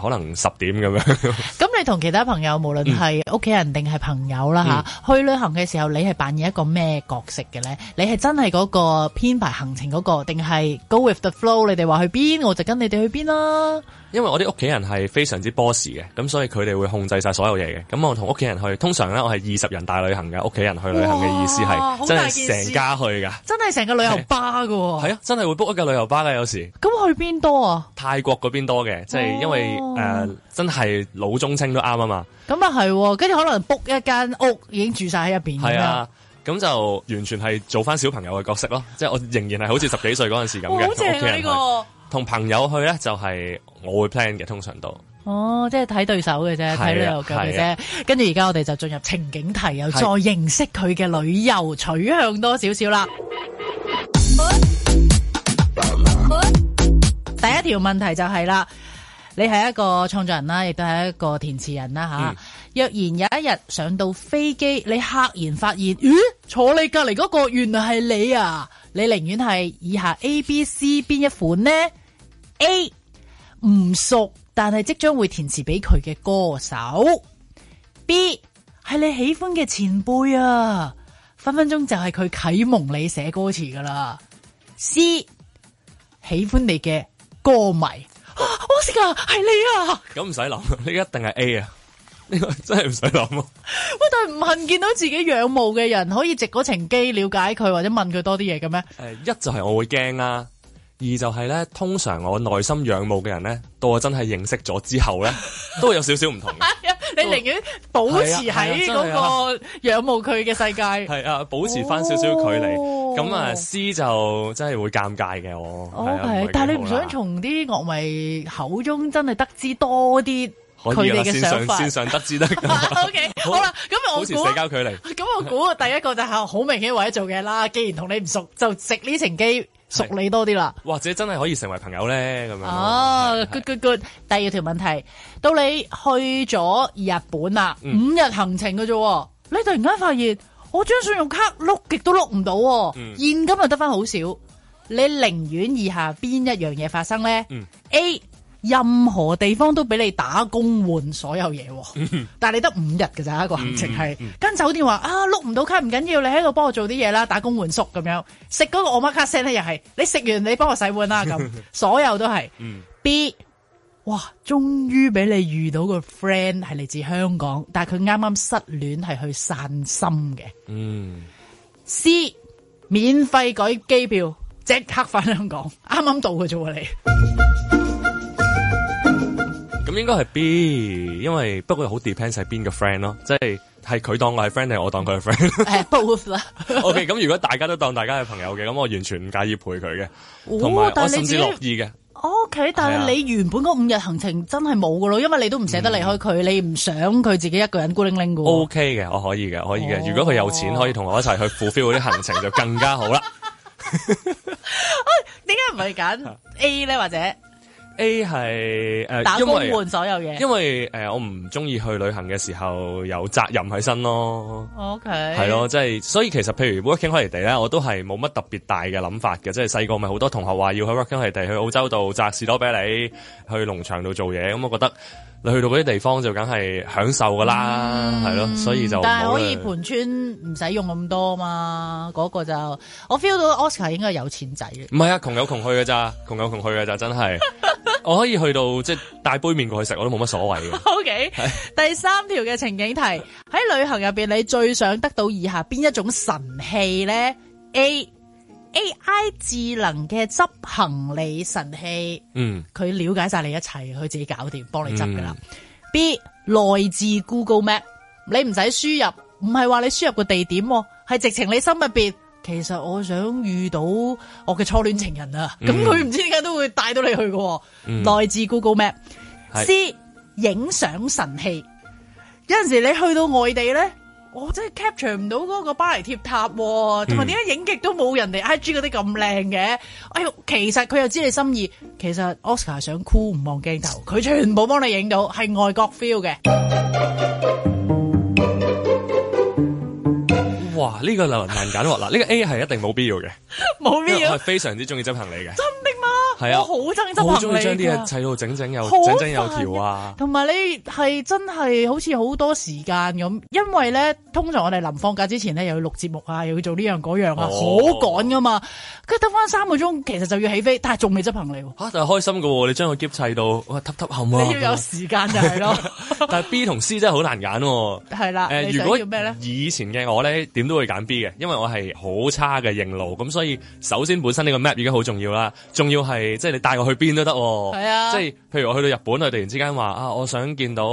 可能十點咁樣。咁、嗯、 你同其他朋友，無論係屋企人定係朋友啦吓，嗯、去旅行嘅時候，你係扮演一個咩角色嘅咧？你係真係嗰個編排行程嗰、嗰個，定係 go with the flow？你哋話去邊，我就跟你哋去邊啦。因為我啲屋企人係非常之 boss 嘅，咁所以佢哋會控制晒所有嘢嘅。咁我同屋企人去，通常咧我係二十人大旅行嘅。屋企人去旅行嘅意思係真係成家去㗎，真係成個旅遊巴㗎。係啊，真係會 book 一個旅遊巴㗎，有時。咁去、啊、邊多啊？泰國嗰邊多嘅，即係因為。誒，uh, 真係老中青都啱啊嘛！咁啊係，跟住可能 book 一間屋已經住晒喺入邊。係啊，咁、嗯、就完全係做翻小朋友嘅角色咯，即係我仍然係好似十幾歲嗰陣時咁嘅。好正呢個，同朋友去咧就係我會 plan 嘅，通常都。哦，即係睇對手嘅啫，睇旅遊嘅啫。跟住而家、啊、我哋就進入情景題，又再認識佢嘅旅遊取向多少少啦。第一條問題就係啦。你係一個創作人啦，亦都係一個填詞人啦吓。是若然有一日上到飛機，你赫然發現，咦，坐你隔籬嗰個原來係你啊！你寧願係以下 A、B、C 邊一款呢？A 唔熟，但係即將會填詞俾佢嘅歌手；B 係你喜歡嘅前輩啊，分分鐘就係佢啟蒙你寫歌詞噶啦；C 喜歡你嘅歌迷。哇、啊，奧斯卡係你啊！咁唔使諗，你一定係 A 啊！呢個真係唔使諗啊！喂，但係唔幸見到自己仰慕嘅人可以值嗰程機了解佢，或者問佢多啲嘢嘅咩？誒、呃，一就係我會驚啦，二就係咧，通常我內心仰慕嘅人咧，到我真係認識咗之後咧， 都會有少少唔同。係 你寧願保持喺嗰個仰慕佢嘅世界。係 啊，保持翻少少距離。咁啊，師就真係會尷尬嘅我。O K，但係你唔想從啲樂迷口中真係得知多啲佢哋嘅想法？線上線上得知得。O K，好啦，咁我估社交距離。咁我估第一個就係好明顯為咗做嘢啦。既然同你唔熟，就籍呢程機熟你多啲啦。或者真係可以成為朋友咧咁樣。哦，good good good。第二條問題，到你去咗日本啦，五日行程嘅啫，你突然間發現。我張信用卡碌極都碌唔到、哦，嗯、現金又得翻好少。你寧願以下邊一樣嘢發生咧、嗯、？A 任何地方都俾你打工換所有嘢、哦，嗯、但係你得五日嘅咋一個行程係。跟酒店話啊碌唔到卡唔緊要，你喺度幫我做啲嘢啦，打工換宿咁樣。食嗰個 omakase 咧又係，你食完你幫我洗碗啦咁， 所有都係。嗯、B 哇！終於俾你遇到個 friend 係嚟自香港，但係佢啱啱失戀，係去散心嘅。嗯，C 免費改機票，即刻翻香港，啱啱到嘅啫，你。咁、嗯、應該係 B，因為不過好 depends 係邊個 friend 咯，即係係佢當我係 friend 定我當佢係 friend？誒、嗯、 ，both 啦了。OK，咁如果大家都當大家係朋友嘅，咁我完全唔介意陪佢嘅，同埋我甚至樂意嘅。O、okay, K，但係你原本嗰五日行程真係冇噶咯，因為你都唔捨得離開佢，嗯、你唔想佢自己一個人孤零零噶。OK 嘅，我可以嘅，可以嘅。Oh. 如果佢有錢，可以同我一齊去付費嗰啲行程 就更加好啦。啊，點解唔係揀 A 咧？或者？A 係誒，呃、打工 因為因為誒、呃，我唔中意去旅行嘅時候有責任喺身咯。OK，係咯，即係所以其實譬如 working holiday 咧，我都係冇乜特別大嘅諗法嘅，即係細個咪好多同學話要去 working holiday 去澳洲度摘士多啤梨，去農場度做嘢，咁、嗯、我覺得。你去到嗰啲地方就梗係享受噶啦，係咯、嗯，所以就但係可以盤川唔使用咁多嘛，嗰、嗰個就我 feel 到 Oscar 應該有錢仔嘅。唔係啊，窮有窮去噶咋，窮有窮去噶咋，真係 我可以去到即係帶杯麵過去食，我都冇乜所謂嘅。 OK，第三條嘅情景題喺 旅行入邊，你最想得到以下邊一種神器咧？A 智能嘅執行李神器，嗯，佢了解曬你一切，佢自己搞掂，幫你執噶啦。嗯、B 內置 Google Map，你唔使輸入，唔係話你輸入個地點，係直情你心入邊，其實我想遇到我嘅初戀情人啊，咁佢唔知點解都會帶到你去嘅。內置 Google Map。C 影相神器，有陣時你去到外地咧。我、哦、真係 capture 唔到個巴黎鐵塔，啊，同埋點解影極都冇人哋 IG 啲咁靚嘅？哎喲，其實佢又知你心意，其實 Oscar 想 cool 唔望鏡頭，佢全部幫你影到，係外國 feel 嘅。哇！呢、這個流雲難揀喎，嗱，呢個 A 係一定冇必要嘅，冇必要。我係非常之中意執行李嘅。真係啊，好憎執行李啊！好中意將啲嘢砌到整整有整整有條啊！同埋你係真係好似好多時間咁，因為咧通常我哋臨放假之前咧又要錄節目啊，又要做呢樣嗰樣啊，好趕噶嘛！佢得等翻，三個鐘，其實就要起飛，但係仲未執行李、啊。吓，但係開心噶、啊，你將佢兼砌到哇，突突后嘛！你要有時間就係咯。但係 B 同 C 真係好難揀、啊。係啦、 啊，誒，如果要咩咧？以前嘅我咧點都會揀 B 嘅，因為我係好差嘅認路，咁所以首先本身呢個 map 已經好重要啦，仲要係。即係你帶我去邊都得，係啊，即係譬如我去到日本，啊突然之間話啊，我想見到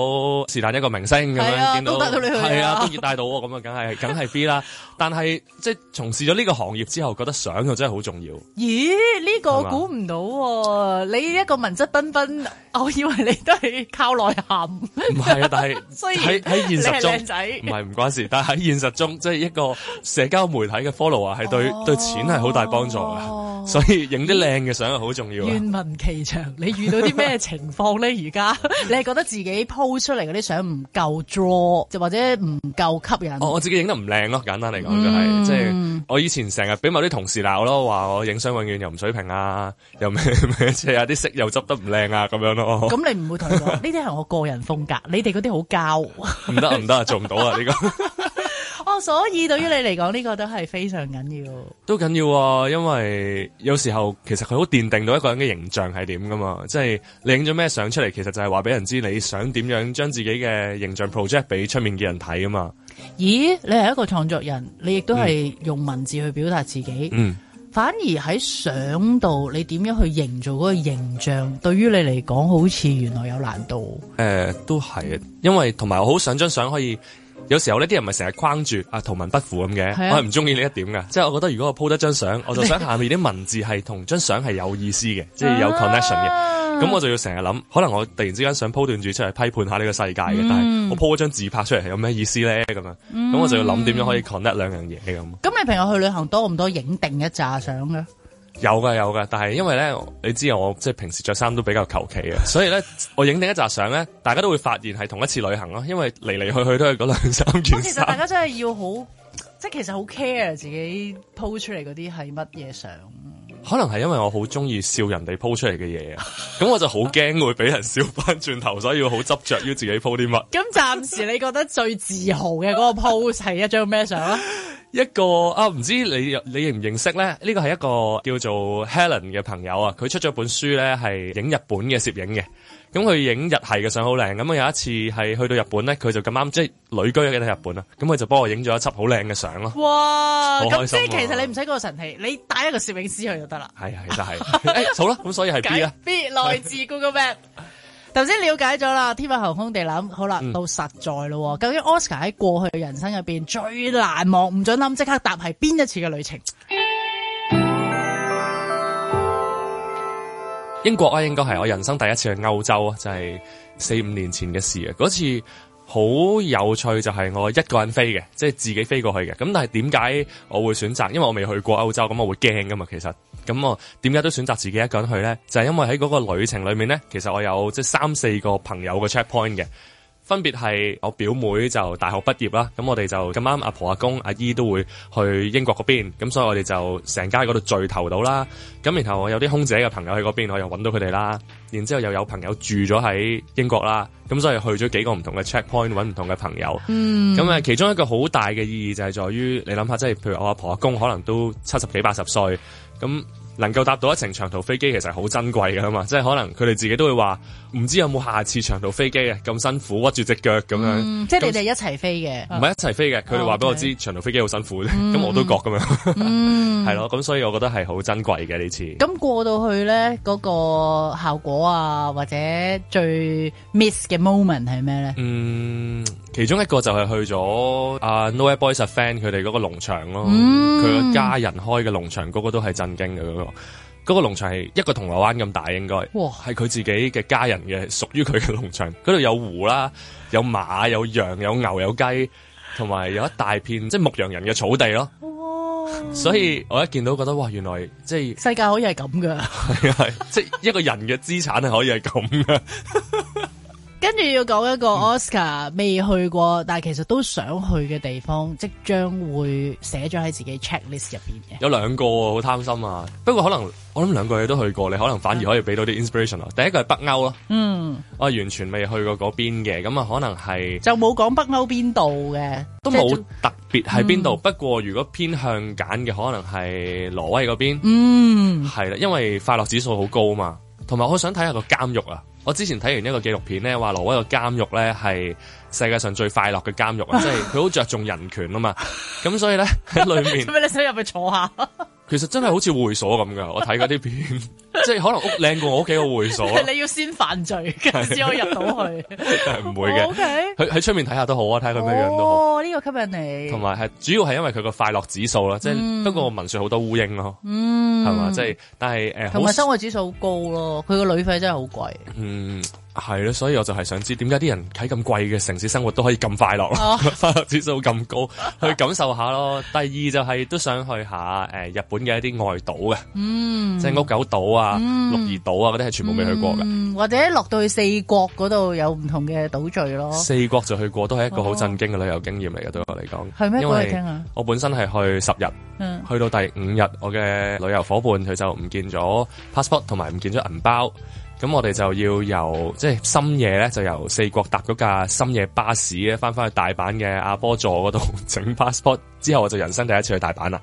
是但一個明星咁樣見到，係啊，都易帶到咁啊，梗係梗係 B 啦。但係即係從事咗呢個行業之後，覺得相又真係好重要。咦？呢個估唔到，你一個文質彬彬，我以為你都係靠內涵。唔係啊，但係所以喺喺現實中，靚仔，唔係唔關事。但係喺現實中，即係一個社交媒體嘅 follow 啊，係對對錢係好大幫助嘅，所以影啲靚嘅相係好重要。願聞其詳，你遇到啲咩情況咧？而家 你係覺得自己 po 出嚟嗰啲相唔夠 draw，就或者唔夠吸引？哦？我自己影得唔靚咯，簡單嚟講就係、是，嗯、即係我以前成日俾某啲同事鬧咯，話我影相永遠又唔水平啊，又咩咩，即係啲色又執得唔靚啊，咁樣咯。咁 你唔會同我講？呢啲係我個人風格，你哋嗰啲好膠。唔得唔得，做唔到啊！呢個。所以對於你嚟講，呢個都係非常緊要，都緊要啊，因為有時候其實佢好奠定到一個人嘅形象係點噶嘛，即係你影咗咩相出嚟，其實就係話俾人知你想點樣將自己嘅形象 project 俾出面嘅人睇㗎嘛。咦，你係一個創作人，你亦都係用文字去表達自己，嗯、反而喺相度你點樣去營造嗰個形象，對於你嚟講好似原來有難度。誒、呃，都係，因為同埋我好想張相可以。有時候呢啲人咪成日框住啊，圖文不符咁嘅，啊、我係唔中意呢一點嘅。即、就、係、是、我覺得，如果我鋪得張相，我就想下面啲文字係同張相係有意思嘅， 即係有 connection 嘅。咁、啊、我就要成日諗，可能我突然之間想鋪段住出嚟批判下呢個世界嘅，嗯、但係我鋪張自拍出嚟係有咩意思咧？咁樣、嗯，咁我就要諗點樣可以 connect 兩樣嘢咁。咁、嗯、你平時去旅行多唔多影定一揸相嘅？有噶有噶，但係因為咧，你知我即係平時着衫都比較求其嘅，所以咧我影定一集相咧，大家都會發現係同一次旅行咯，因為嚟嚟去去都係嗰兩三件。其實大家真係要好，即係其實好 care 自己 po 出嚟嗰啲係乜嘢相。可能係因為我好中意笑人哋 po 出嚟嘅嘢啊，咁 我就好驚會俾人笑翻轉頭，所以要好執着要自己 po 啲乜。咁暫 時你覺得最自豪嘅嗰個 post 係一張咩相啊？ 一個啊，唔知你你認唔認識咧？呢個係一個叫做 Helen 嘅朋友啊，佢出咗本書咧，係影日本嘅攝影嘅。咁佢影日係嘅相好靚。咁啊有一次係去到日本咧，佢就咁啱即係旅居喺日本哇啊。咁佢就幫我影咗一輯好靚嘅相咯。哇！咁即係其實你唔使個神器，你帶一個攝影師去就得啦。係啊，其實係。好啦，咁所以係 B 啊？B 來自 Google Map 是。 頭先了解咗啦，天馬航空地諗，好啦，嗯、到實在咯。究竟 Oscar 喺過去人生入邊最難忘，唔准諗，即刻答係邊一次嘅旅程？英國啊，應該係我人生第一次去歐洲啊，就係、是、四五年前嘅事啊。嗰次好有趣，就係我一個人飛嘅，即、就、係、是、自己飛過去嘅。咁但係點解我會選擇？因為我未去過歐洲，咁我會驚噶嘛，其實。咁我點解都選擇自己一個人去呢？就係因為喺嗰個旅程裏面呢，其實我有即係三四個朋友嘅 check point 嘅，分別係我表妹就大學畢業啦。咁我哋就咁啱阿婆阿公阿姨都會去英國嗰邊，咁所以我哋就成家嗰度聚頭到啦。咁然後我有啲空姐嘅朋友喺嗰邊，我又揾到佢哋啦。然之後又有朋友住咗喺英國啦，咁所以去咗幾個唔同嘅 check point 揾唔同嘅朋友。嗯，咁啊，其中一個好大嘅意義就係在於你諗下，即係譬如我阿婆阿公可能都七十幾八十歲。咁。能夠搭到一程長途飛機其實好珍貴噶嘛，即係可能佢哋自己都會話唔知有冇下次長途飛機呀，咁辛苦屈住隻腳咁樣，即係你哋一齊飛嘅，唔係一齊飛嘅。佢哋話俾我知長途飛機好辛苦，咁我都覺咁樣，係咯。咁所以我覺得係好珍貴嘅呢次。咁過到去咧嗰個效果啊，或者最 miss 嘅 moment 係咩咧？嗯，其中一個就係去咗啊 Noah Boy 嘅 friend 佢哋嗰個農場咯，佢個家人開嘅農場，嗰個都係震驚嘅嗰個農場係一個銅鑼灣咁大應該，應該哇，係佢自己嘅家人嘅，屬於佢嘅農場。嗰度有湖啦、啊，有馬，有羊，有牛，有雞，同埋有，有一大片即係、就是、牧羊人嘅草地咯。哇！ 所以我一見到覺得哇，原來即係、就是、世界可以係咁噶，係係即係一個人嘅資產係可以係咁噶。 跟住要講一個 Oscar 未去過，但係其實都想去嘅地方，即將會寫咗喺自己 checklist 入邊嘅。有兩個好貪心啊！不過可能我諗兩個嘢都去過，你可能反而可以俾到啲 inspiration 啊！嗯、第一個係北歐咯，嗯，我完全未去過嗰邊嘅，咁啊可能係就冇講北歐邊度嘅，都冇特別喺邊度。嗯、不過如果偏向揀嘅，可能係挪威嗰邊，嗯，係啦，因為快樂指數好高啊嘛，同埋我想睇下個監獄啊。我之前睇完一個紀錄片咧，話挪威個監獄咧係世界上最快樂嘅監獄啊， 即係佢好着重人權啊嘛，咁 所以咧喺 裡面。咁係咪你想入去坐下？ 其實真係好似會所咁嘅，我睇嗰啲片， 即係可能屋靚過我屋企個會所。 你要先犯罪，先可以入到去。係唔 會嘅。O K、哦。喺、okay? 出面睇下都好啊，睇下佢咩樣都好。呢、哦，這個吸引你。同埋係主要係因為佢個快樂指數啦，即係不過我聞說好多烏蠅咯。嗯，係嘛、就是，即係但係誒，同、呃、埋生活指數高咯，佢個旅費真係好貴。嗯。係咯，所以我就係想知點解啲人喺咁貴嘅城市生活都可以咁快樂，快樂指數咁高，去感受下咯。第二就係都想去下誒日本嘅一啲外島嘅，嗯，即係屋久島啊、鹿兒島啊嗰啲係全部未去過嘅。或者落到去四國嗰度有唔同嘅島嶼咯。四國就去過，都係一個好震驚嘅旅遊經驗嚟嘅，對我嚟講係咩？我本身係去十日，嗯，去到第五日，我嘅旅遊伙伴佢就唔見咗 passport，同埋唔見咗銀包。咁我哋就要由即係深夜咧，就由四國搭嗰架深夜巴士咧，翻返去大阪嘅阿波座嗰度整 passport。Pass port，之後我就人生第一次去大阪啦。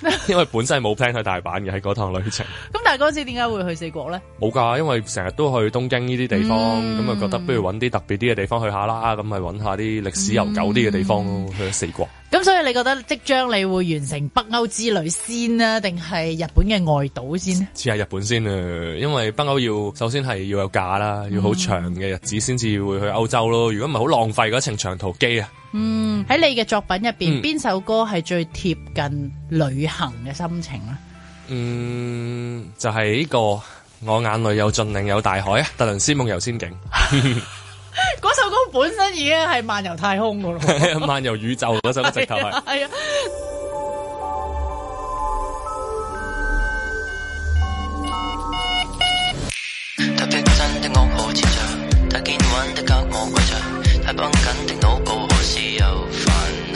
因為本身係冇 plan 去大阪嘅喺嗰趟旅程，咁 但係嗰時點解會去四國咧？冇噶，因為成日都去東京呢啲地方，咁啊、嗯、覺得不如揾啲特別啲嘅地方去下啦，咁咪揾下啲歷史悠久啲嘅地方咯。去咗四國，咁所以你覺得即將你會完成北歐之旅先啊，定係日本嘅外島先咧？似下日本先啊，因為北歐要首先係要有假啦，要好長嘅日子先至會去歐洲咯。如果唔係，好浪費嗰程長途機啊。嗯，喺你嘅作品入邊，邊、嗯、首歌係最貼近旅行嘅心情咧？嗯，就係、是、呢、這個我眼淚有盡，另有大海啊，特倫斯夢遊仙境。嗰 首歌本身已經係漫遊太空噶咯，漫遊宇宙嗰首直頭係、 啊。 繃緊的腦部何時又煩？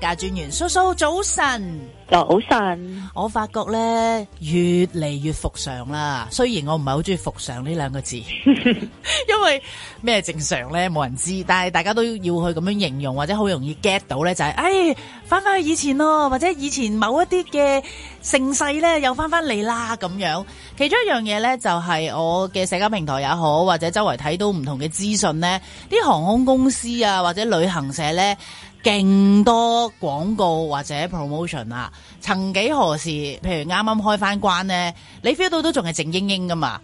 家專員蘇蘇早晨，早晨。早晨我發覺咧越嚟越復常啦。雖然我唔係好中意復常呢兩個字， 因為咩正常咧冇人知。但係大家都要去咁樣形容，或者好容易 get 到咧、就是，就係誒翻翻去以前咯，或者以前某一啲嘅盛世咧又翻翻嚟啦咁樣。其中一樣嘢咧就係、是、我嘅社交平台也好，或者周圍睇到唔同嘅資訊咧，啲航空公司啊或者旅行社咧。勁多廣告或者 promotion 啊，曾幾何時，譬如啱啱開翻關呢，你 feel 到都仲係靜英英噶嘛？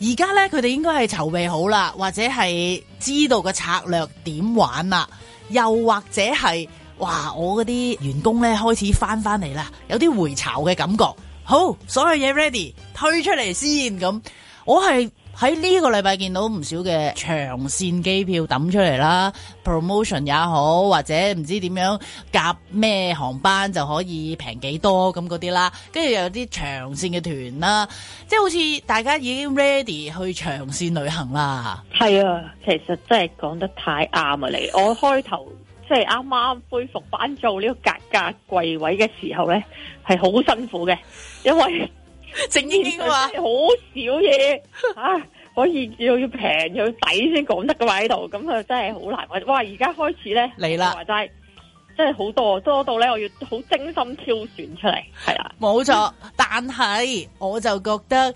而家呢，佢哋應該係籌備好啦，或者係知道個策略點玩啦，啊，又或者係哇，我嗰啲員工呢開始翻翻嚟啦，有啲回巢嘅感覺。好，所有嘢 ready，推出嚟先。咁，我係。喺呢個禮拜見到唔少嘅長線機票抌出嚟啦，promotion 也好，或者唔知點樣夾咩航班就可以平幾多咁嗰啲啦，跟住又有啲長線嘅團啦，即係好似大家已經 ready 去長線旅行啦。係啊，其實真係講得太啱啊！你我開頭即係啱啱恢復翻做呢個格價櫃位嘅時候呢，係好辛苦嘅，因為。正正話，好少嘢 啊！可以又要平又要抵先講得噶嘛？喺度咁啊，真係好難。哇！而家開始咧嚟啦，話齋了真係好多，多到咧我要好精心挑選出嚟。係啦，冇錯錯。 但係我就覺得。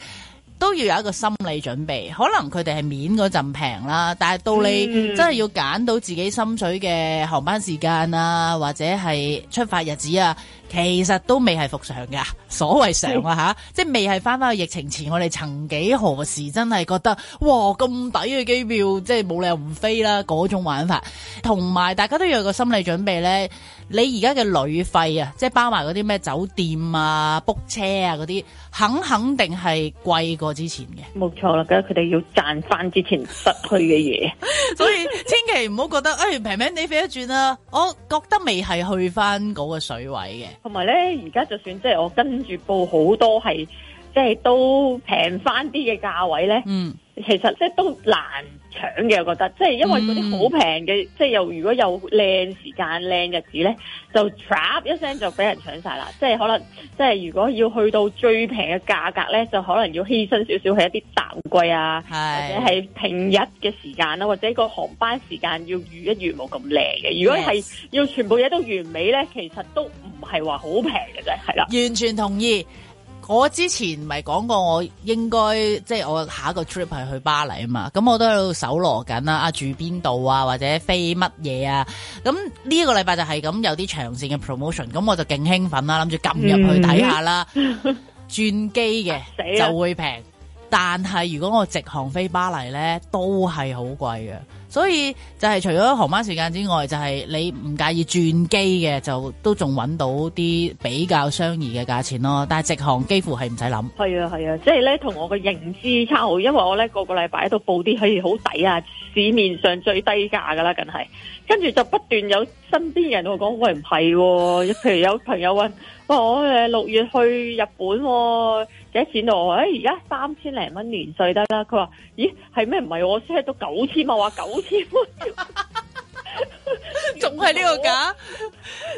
都要有一個心理準備，可能佢哋係免嗰陣平啦，但係到你真係要揀到自己心水嘅航班時間啦，或者係出發日子啊，其實都未係復常噶，所謂常啊吓， 即係未係返返去疫情前，我哋曾幾何時真係覺得哇咁抵嘅機票，即係冇理由唔飛啦嗰種玩法，同埋大家都要有個心理準備呢。你而家嘅旅費啊，即係包埋嗰啲咩酒店啊、book 車啊嗰啲，肯肯定係貴過之前嘅。冇錯啦，因佢哋要賺翻之前失去嘅嘢， 所以千祈唔好覺得誒平平地飛一轉啦，啊。我覺得未係去翻嗰個水位嘅。同埋咧，而家就算即係我跟住報好多係，即係都平翻啲嘅價位咧。嗯，其實即係都難。搶嘅，我覺得，即係因為嗰啲好平嘅，嗯、即係又如果有靚時間、靚日子咧，就唰一聲就俾人搶晒啦。 即係可能，即係如果要去到最平嘅價格咧，就可能要犧牲少少係一啲淡季啊，是啊，或者係平日嘅時間啦，或者個航班時間要預一預冇咁靚嘅。如果係要全部嘢都完美咧，其實都唔係話好平嘅啫，係啦。完全同意。我之前咪講過，我應該即係、就是、我下一個 trip 係去巴黎啊嘛，咁我都喺度搜羅緊啦、啊，啊住邊度啊，或者飛乜嘢啊，咁呢個禮拜就係咁有啲長線嘅 promotion，咁我就勁興奮、啊、看看啦，諗住撳入去睇下啦，轉機嘅就會平，但係如果我直航飛巴黎咧，都係好貴嘅。所以就係、是、除咗航班時間之外，就係、是、你唔介意轉機嘅，就都仲揾到啲比較相宜嘅價錢咯。但係直航幾乎係唔使諗。係啊係啊，即係、啊就是、呢同我嘅認知差好，因為我呢個個禮拜喺度報啲係好抵啊，市面上最低價㗎喇，梗係。跟住就不斷有身邊人同我講：喂，唔係喎，譬如有朋友話：喂、哦，我誒六月去日本、啊。啲錢我，誒而家三千零蚊年稅得啦。佢話，咦係咩？唔係我 share 到九千啊，話九千蚊。 仲係呢個價？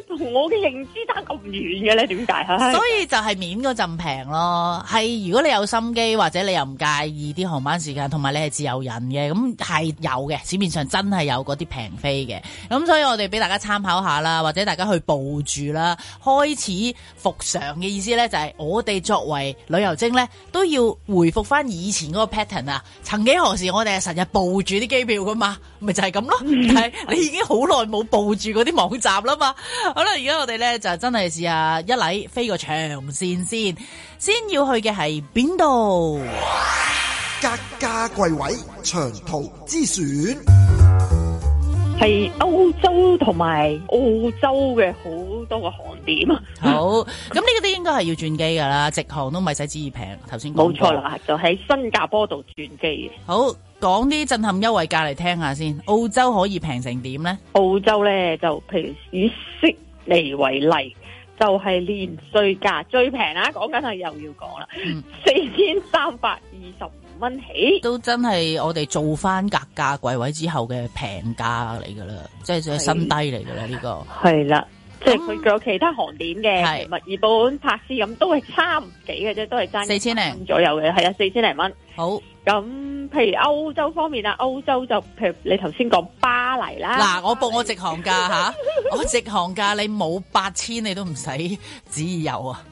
同我嘅認知差咁遠嘅咧，點解？所以就係免嗰陣平咯，係如果你有心機或者你又唔介意啲航班時間，同埋你係自由人嘅，咁係有嘅。市面上真係有嗰啲平飛嘅，咁所以我哋俾大家參考下啦，或者大家去報住啦，開始復常嘅意思咧，就係我哋作為旅遊精咧，都要回復翻以前嗰個 pattern 啊！曾幾何時，我哋係成日報住啲機票噶嘛，咪就係、是、咁咯。但係、嗯、你已經好。好耐冇報住嗰啲網站啦嘛，好啦，而家我哋咧就真係試下一嚟飛個長線先，先要去嘅係邊度？格價貴位長途之選係歐洲同埋澳洲嘅好多個航點。好，咁呢啲應該係要轉機噶啦，直航都咪使旨意平。頭先講過。冇錯啦，就喺新加坡度轉機。好。講啲震撼優惠價嚟，聽下先，澳洲可以平成點咧？澳洲咧就譬如以悉尼為例，就係年稅價最平啦。講緊係又要講啦，四千三百二十五蚊起，都真係我哋做翻格價櫃位之後嘅平價嚟噶啦，即係即係新低嚟噶啦呢個。係啦，即係佢有其他航點嘅，例如布本、柏斯咁，都係差唔幾嘅啫，都係爭四千零左右嘅。係啊，四千零蚊。好。咁，譬如歐洲方面啊，歐洲就譬如你頭先講巴黎啦。嗱，我報我直航價吓、 啊，我直航價你冇八千你都唔使指意有啊。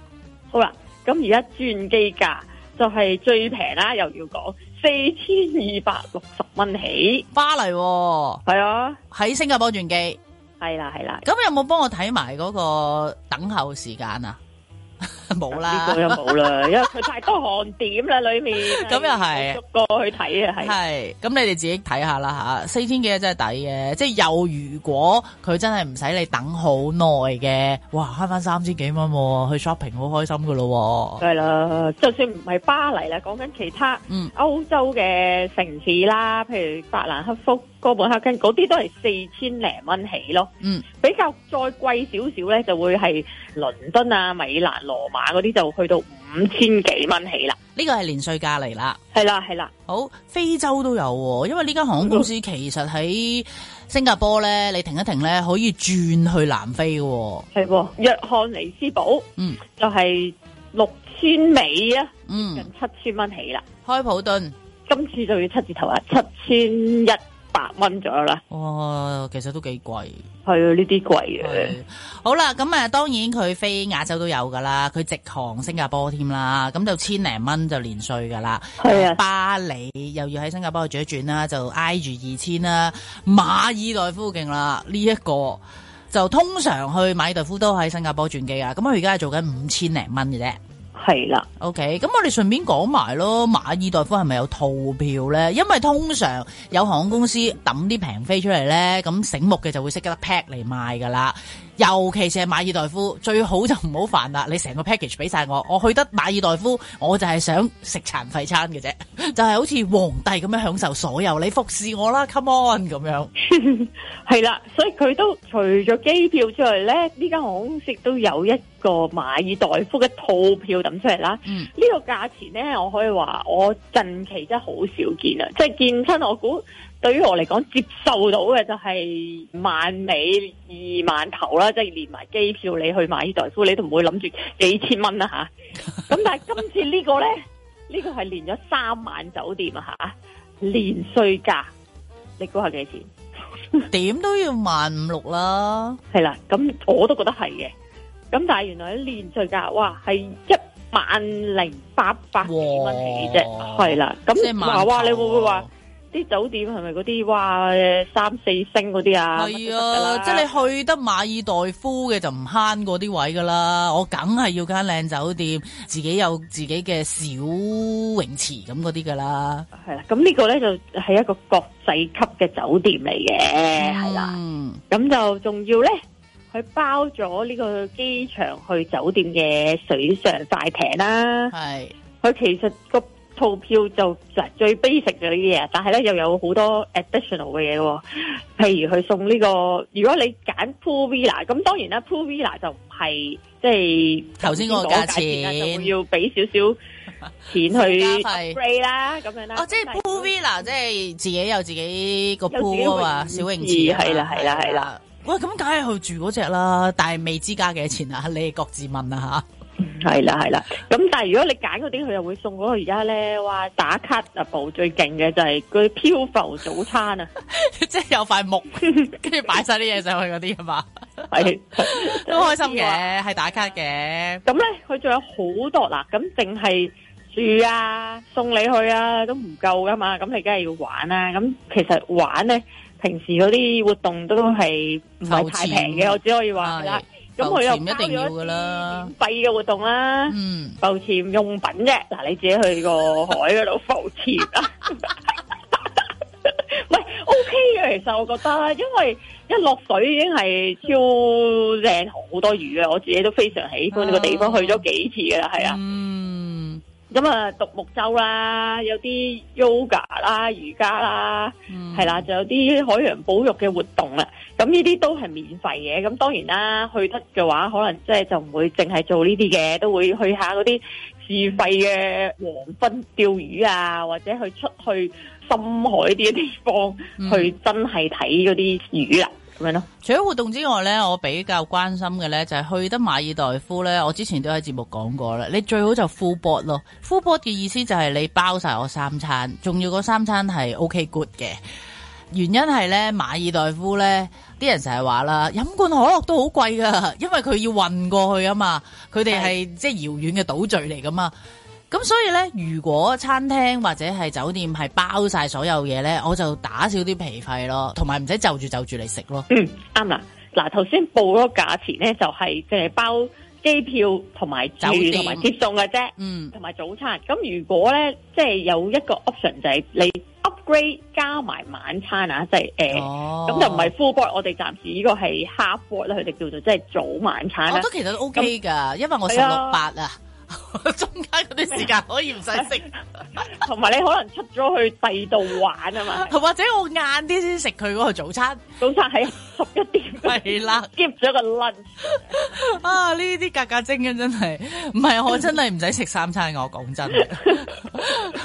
好啦，咁而家轉機價就係最平啦，又要講四千二百六十蚊起，巴黎係啊，喺、 啊、新加坡轉機，係啦係啦。咁、啊啊啊、有冇幫我睇埋嗰個等候時間啊？ 冇啦，呢個又冇啦，因為佢太多汗點啦，裏面咁又係，逐個去睇啊，係。係，咁你哋自己睇下啦嚇，四千幾真係抵嘅，即係又如果佢真係唔使你等好耐嘅，哇，慳翻三千幾蚊去 shopping 好開心噶咯，係啦，就算唔係巴黎啦，講緊其他歐洲嘅城市啦，譬如法蘭克福、哥本哈根嗰啲都係四千零蚊起咯，嗯，比較再貴少少咧就會係倫敦啊、米蘭、羅，話嗰啲就去到五千幾蚊起啦，呢個係年稅價嚟啦，係啦係啦。好，非洲都有喎，因為呢間航空公司其實喺新加坡呢，你停一停呢，可以轉去南非嘅喎，係，約翰尼斯堡，嗯，就係六千美啊，嗯，近七千蚊起啦，開普敦，今次就要七字頭啦，七千一。八蚊左右啦，哇，其實都幾貴，係啊，呢啲貴嘅。好啦，咁啊，當然佢飛亞洲都有噶啦，佢直航新加坡添啦，咁就千零蚊就連稅噶啦。係啊的，巴黎又要喺新加坡轉一轉啦，就挨住二千啦。馬爾代夫勁啦，呢、這、一個就通常去馬爾代夫都喺新加坡轉機噶，咁佢而家係做緊五千零蚊嘅啫。係啦，OK，咁我哋順便講埋咯，馬爾代夫係咪有套票咧？因為通常有航空公司抌啲平飛出嚟咧，咁醒目嘅就會識得 pack 嚟賣噶啦。尤其是係馬爾代夫最好就唔好煩啦，你成個 package 俾晒我，我去得馬爾代夫我就係想食殘廢餐嘅啫，就係、是、好似皇帝咁樣享受所有，你服侍我啦，come on 咁樣。係啦， 所以佢都除咗機票之外呢，呢間航空公司都有一個馬爾代夫嘅套票抌出嚟啦。呢、嗯、個價錢呢，我可以話我近期真係好少見啊，即係見親我估。對於我嚟講，接受到嘅就係萬尾二萬頭啦，即係連埋機票你去馬爾代夫，你都唔會諗住幾千蚊啦吓。咁、啊、 但係今次呢個呢，呢、這個係連咗三晚酒店啊吓，連稅價，你估下幾錢？點 都要萬五六啦。係啦，咁我都覺得係嘅。咁但係原來一連稅價，哇，係一萬零八百幾蚊起啫。係哇啦，咁話話你會唔會話？啲酒店係咪嗰啲哇三四星嗰啲啊？係啊，即係你去得馬爾代夫嘅就唔慳嗰啲位噶啦，我梗係要間靚酒店，自己有自己嘅小泳池咁嗰啲噶啦。係啦、啊，咁呢個呢就係、是、一個國際級嘅酒店嚟嘅，係啦、嗯，咁、啊、就仲要呢，佢包咗呢個機場去酒店嘅水上快艇啦。係是，佢其實、那個。套票就就最 basic 嘅呢啲嘢，但係咧又有好多 additional 嘅嘢喎，譬如佢送呢個，如果你揀 pool villa，咁當然啦 pool villa 就唔係即係頭先嗰個價錢，要俾少少錢去 upgrade 啦，咁樣啦。哦，即係 pool villa，即係自己有自己個 pool 啊嘛，小泳池係啦係啦係啦。喂，咁梗係去住嗰隻啦，但係未知加幾多錢啊？你哋各自問啊嚇。係啦係啦，咁但係如果你揀嗰啲，佢又會送嗰個而家咧，話打卡啊，部最勁嘅就係佢漂浮早餐啊，即係有塊木，跟住擺晒啲嘢上去嗰啲啊嘛，係都開心嘅，係打卡嘅。咁咧佢仲有好多啦，咁淨係住啊送你去啊都唔夠噶嘛，咁你梗係要玩啊。咁其實玩咧平時嗰啲活動都係唔係太平嘅，我只可以話係啦。咁佢又唔一定要噶啦，免費嘅活動啦，嗯，浮潛用品啫。嗱，你自己去個海嗰度浮潛啊，唔係 OK 嘅。其實我覺得，因為一落水已經係超靚好多魚啊！我自己都非常喜歡呢個地方，啊、去咗幾次噶啦，係啊。嗯。咁啊，獨、嗯、木舟啦，有啲 yoga 啦，瑜伽啦，係、嗯、啦，就有啲海洋保育嘅活動啦。咁呢啲都係免費嘅。咁當然啦，去得嘅話，可能即係就唔會淨係做呢啲嘅，都會去下嗰啲自費嘅黃昏釣魚啊，或者去出去深海啲嘅地方、嗯、去真係睇嗰啲魚啦。除咗活動之外呢，我比較關心嘅呢，就係去得馬爾代夫呢，我之前都喺節目講過啦。你最好就 full board 咯，full board 嘅意思就係你包晒我三餐，仲要嗰三餐係 OK good 嘅。原因係呢，馬爾代夫呢啲人成日話啦，飲罐可樂都好貴噶，因為佢要運過去啊嘛，佢哋係即係遙遠嘅島嶼嚟噶嘛。咁所以咧，如果餐廳或者係酒店係包晒所有嘢咧，我就打少啲皮費咯，同埋唔使就住就住嚟食咯。嗯，啱啦。嗱、啊，頭先報嗰個價錢咧，就係即係包機票同埋酒店同埋接送嘅啫。嗯，同埋早餐。咁如果咧，即係有一個 option 就係你 upgrade 加埋晚餐啊，即係，呃、哦，咁就唔係 full board，我哋暫時呢個係 half board 啦，佢哋叫做即係早晚餐、啊。我都其實都 OK 㗎，嗯、因為我食六八啊。 中間嗰啲時間可以唔使食，同 埋你可能出咗去第二度玩啊嘛，同或者我晏啲先食佢嗰個早餐，早餐喺十一點 啦，係啦 skip 咗個 lunch 啊！呢啲格格精嘅真係，唔係，我真係唔使食三餐，我講真，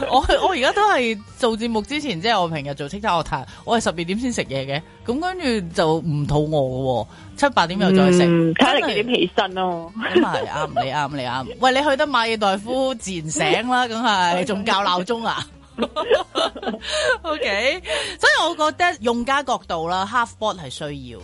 我我 我而家都係做節目之前，即係我平日做清餐，我睇我係十二點先食嘢嘅，咁跟住就唔肚餓嘅，七八點又再食，睇、嗯、的你幾點起身咯、啊。咁啊係啱你啱你啱，喂你去。去得馬爾代夫，自然醒啦，梗係仲教鬧鐘啊。 OK，所以我覺得用家角度啦，half board 係需要嘅，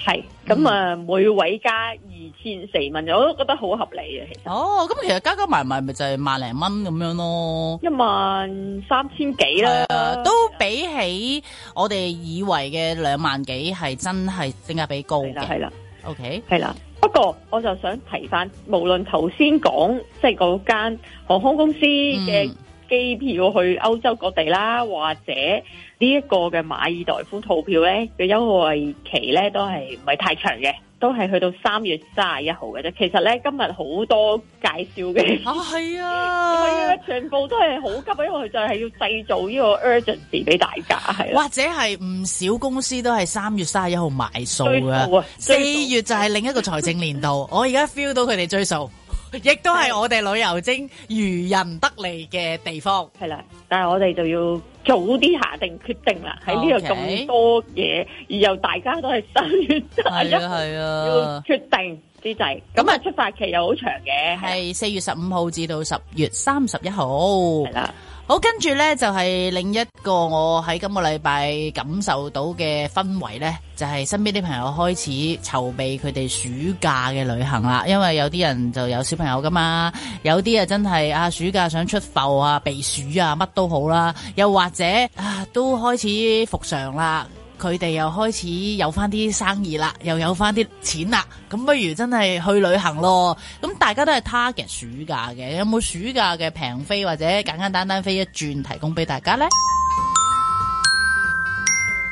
係咁啊，嗯、每位加二千四蚊，我都覺得好合理啊。其實哦，咁其實加加埋埋咪就係萬零蚊咁樣咯，一萬三千幾啦，啊，都比起我哋以為嘅兩萬幾係真係性價比高嘅，係啦，OK，係啦。不過，我就想提翻，無論頭先講即係嗰間航空公司嘅機票去歐洲各地啦，嗯、或者呢一個嘅馬爾代夫套票呢，嘅優惠期呢，都係唔係太長嘅。都係去到三月卅一號嘅啫，其實咧今日好多介紹嘅，啊係啊，係啊，全部都係好急，因為佢就係要製造呢個 urgency 俾大家，係，或者係唔少公司都係三月卅一號買數啊，四月就係另一個財政年度，我而家 feel 到佢哋追數，亦都係我哋旅遊精如人得利嘅地方，係啦，但係我哋就要。早啲下定決定啦！喺呢度咁多嘢，而又大家都係三月係啊係啊，要決定之際，咁啊出發期又好長嘅，係四月十五號至到十月三十一號，係啦。好，跟住呢就係另一個我喺今個禮拜感受到嘅氛圍呢，就係身邊啲朋友開始籌備佢哋暑假嘅旅行啦。因為有啲人就有小朋友噶嘛，有啲啊真係啊暑假想出埠啊避暑啊乜都好啦，又或者啊都開始復常啦。佢哋又開始有翻啲生意啦，又有翻啲錢啦，咁不如真係去旅行咯。咁大家都係 target 暑假嘅，有冇暑假嘅平飛或者簡簡單單飛一轉提供俾大家咧？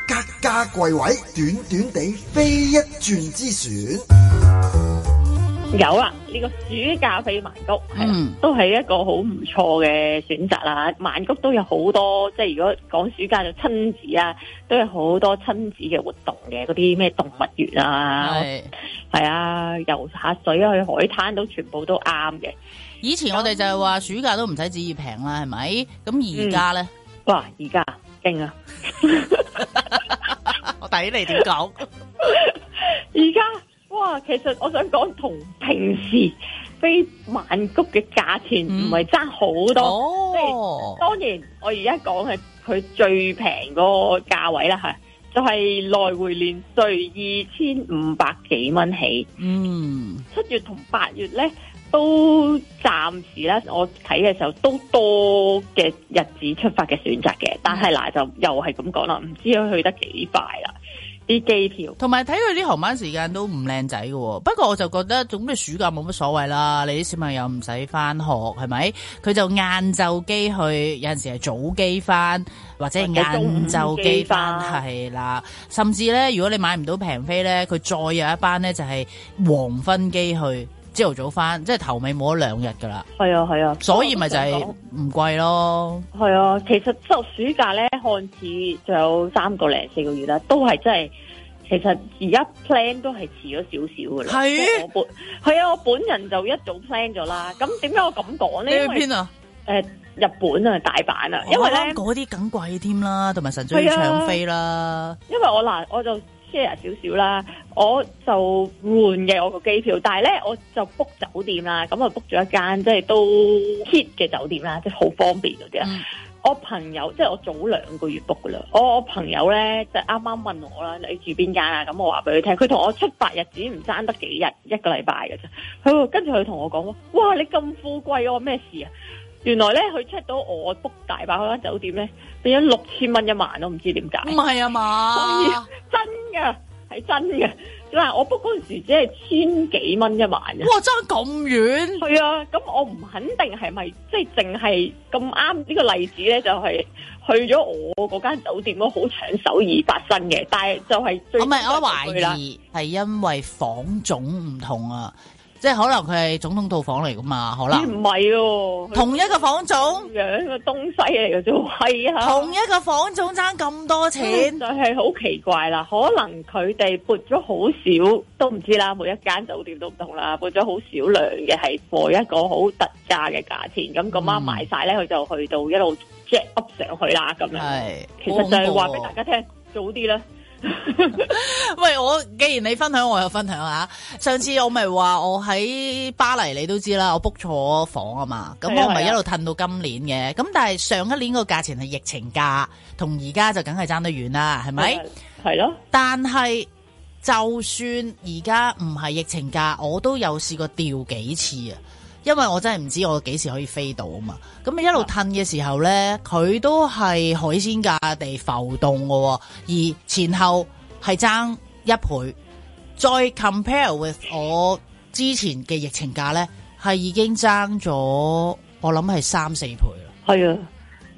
格價貴位，短短地飛一轉之選。有啦，呢、這個暑假去曼谷，係、嗯、都係一個好唔錯嘅選擇啦。曼谷都有好多，即係如果講暑假就親子啊，都有好多親子嘅活動嘅，嗰啲咩動物園啊，係是啊，游下水啊，去海灘都全部都啱嘅。以前我哋就係話暑假都唔使至於平啦，係咪？咁而家呢、嗯？哇，而家驚啊！我睇你點講，而家。哇，其實我想講，同平時飛曼谷嘅價錢唔係差好多，嗯哦、即係當然我而家講係佢最平嗰個價位啦吓，就係、是、來回連稅二千五百幾蚊起。嗯，七月同八月呢，都暫時呢，我睇嘅時候都多嘅日子出發嘅選擇嘅，但係嗱、嗯、就又係咁講啦，唔知佢去得幾快啦。啲機票，同埋睇佢啲航班時間都唔靚仔嘅喎。不過我就覺得，總之暑假冇乜所謂啦。你啲小朋友唔使翻學，係咪？佢就晏晝機去，有陣時係早機翻，或者係晏晝機翻，係啦。甚至咧，如果你買唔到平飛咧，佢再有一班咧，就係黃昏機去。朝頭早翻，即係頭尾冇咗兩日噶啦。係啊係啊，啊所以咪就係唔貴咯。係啊，其實就暑假咧，看似仲有三個零四個月啦，都係真係。其實而家 plan 都係遲咗少少噶啦。係是，係啊，我本人就一早 plan 咗啦。咁點解我咁講咧？你去邊啊？誒、呃，日本啊，大阪啊，因為咧啲梗貴添啦，同埋、啊嗯、神粹搶飛啦、啊。因為我嗱，我就。share 少少啦，我就換嘅我個機票，但係咧我就 book 酒店啦，咁啊 book 咗一間即係都 k e a t 嘅酒店啦，即係好方便嗰啲啊。嗯、我朋友即係我早兩個月 book 噶啦，我我朋友咧就啱啱問我啦，你住邊間啊？咁我話俾佢聽，佢同我出發日子唔爭得幾日，一個禮拜嘅啫。佢跟住佢同我講哇！你咁富貴，啊，我咩事啊？原來咧佢 check 到我 book 大把嗰間酒店咧。畀咗六千蚊一晚，都唔知點解，唔係啊嘛？所以真噶係真噶。嗱我，啊嗯、我 book 嗰陣時只係千幾蚊一晚嘅。哇，爭咁遠？係啊，咁我唔肯定係咪即係淨係咁啱呢個例子咧，就係去咗我嗰間酒店都好搶手而發生嘅，但係就係最唔係我懷疑係因為房種唔同啊。即係可能佢係總統套房嚟噶嘛，好啦，唔係喎，同一個房種樣嘅東西嚟噶啫，係啊，同一個房種爭咁多錢，就係好奇怪啦。可能佢哋撥咗好少，都唔知啦。每一間酒店都唔同啦，撥咗好少量嘅係貨一個好特價嘅價錢，咁咁啱賣曬咧，佢就去到一路 jack up 上去啦咁樣。係，其實就係話俾大家聽，早啲咧。 喂，我既然你分享，我又分享吓。上次我咪話我喺巴黎，你都知啦，我 book 錯房啊嘛，咁我咪一路褪到今年嘅，咁但係上一年個價錢係疫情價，同而家就梗係爭得遠啦，係咪？係咯。但係就算而家唔係疫情價，我都有試過掉幾次啊。因為我真係唔知我幾時可以飛到啊嘛，咁你一路褪嘅時候呢，佢都係海鮮價地浮動嘅喎，而前後係爭一倍，再 compare with 我之前嘅疫情價呢，係已經爭咗我諗係三四倍啦。係啊，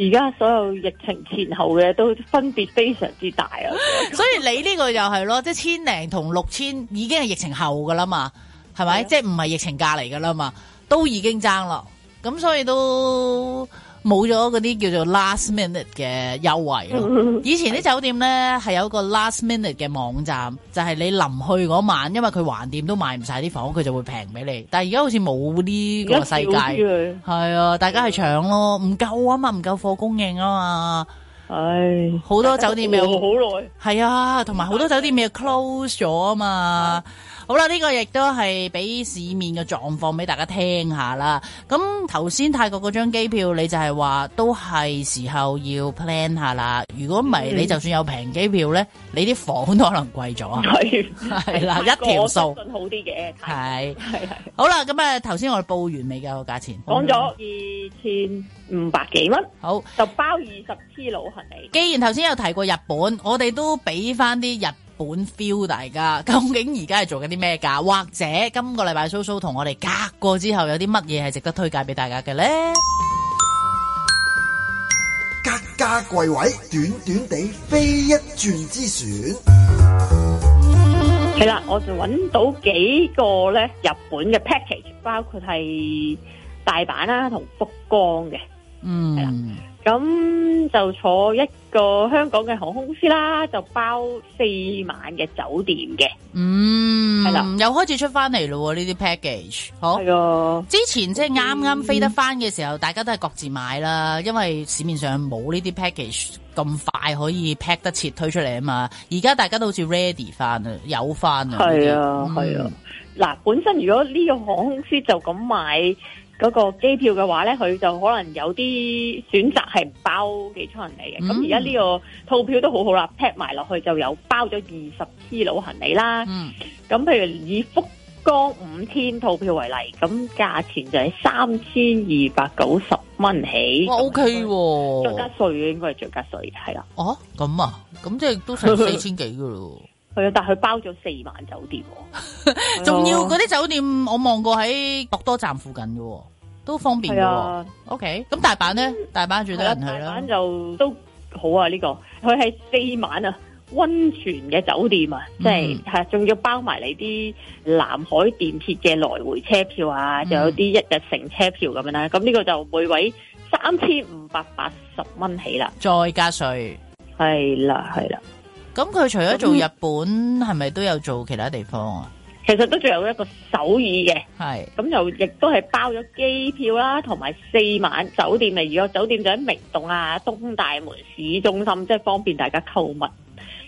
而家所有疫情前後嘅都分別非常之大啊， 所以你呢個又係咯，即係千零同六千已經係疫情後嘅啦嘛，係咪？的即係唔係疫情價嚟嘅啦嘛？都已經爭咯，咁、嗯、所以都冇咗嗰啲叫做 last minute 嘅優惠咯。 以前啲酒店咧係 有一個 last minute 嘅網站，就係、是、你臨去嗰晚，因為佢橫掂都賣唔晒啲房，佢就會平俾你。但係而家好似冇呢個世界，係啊，大家係搶咯，唔夠啊嘛，唔夠貨供應啊嘛，唉，好多酒店又好耐，係 啊，同埋好多酒店咪 close 咗啊嘛。 好啦，呢、這個亦都係俾市面嘅狀況俾大家聽下啦。咁頭先泰國嗰張機票，你就係話都係時候要 plan 下啦。如果唔係，嗯、你就算有平機票咧，你啲房都可能貴咗。係係啦，一條數。信好啲嘅。係係係。是好啦，咁啊頭先我哋報完未嘅個價錢。講咗二千五百幾蚊。好，就包二十 kilo 行李。既然頭先有提過日本，我哋都俾翻啲日。本 feel 大家，究竟而家係做緊啲咩噶？或者今個禮拜蘇蘇同我哋隔過之後，有啲乜嘢係值得推介俾大家嘅咧？格價櫃位短短地，飛一轉之選。係啦，我就揾到幾個咧，日本嘅 package，包括係大阪啦同福岡嘅，嗯，係啦。咁就坐一個香港嘅航空公司啦，就包四晚嘅酒店嘅。嗯，係啦的，又開始出翻嚟咯，呢啲 package。好，係啊的。之前即係啱啱飛得翻嘅時候，嗯、大家都係各自買啦，因為市面上冇呢啲 package 咁快可以 pack 得切推出嚟啊嘛。而家大家都好似 ready 翻啊，有翻啊。係啊的，係啊、嗯。嗱，本身如果呢個航空公司就咁買。嗰個機票嘅話咧，佢就可能有啲選擇係唔包寄艙行李嘅。咁而家呢個套票都好好啦，劈埋落去就有包咗二十 kilo 行李啦。咁譬如以福岡五天套票為例，咁價錢就係三千二百九十蚊起。哇，OK 喎，再加稅嘅應該係再加稅，係啊。啊，咁啊，咁即係都成四千幾嘅咯。係啊，但係佢包咗四晚酒店，仲要嗰啲酒店我望過喺博多站附近嘅，都方便嘅。OK，咁大阪咧，大阪住得人去啦。大阪就都好啊，呢個佢係四晚啊，溫泉嘅酒店啊，即係係仲要包埋你啲南海電鐵嘅來回車票啊，就有啲一日乘車票咁樣啦。咁呢個就每位三千五百八十蚊起啦，再加稅。係啦，係啦。咁佢除咗做日本，係咪、嗯、都有做其他地方啊？其實都仲有一個首爾嘅，係咁是就亦都係包咗機票啦，同埋四晚酒店嚟。如果酒店就喺明洞啊、東大門市中心，即、就、係、是、方便大家購物。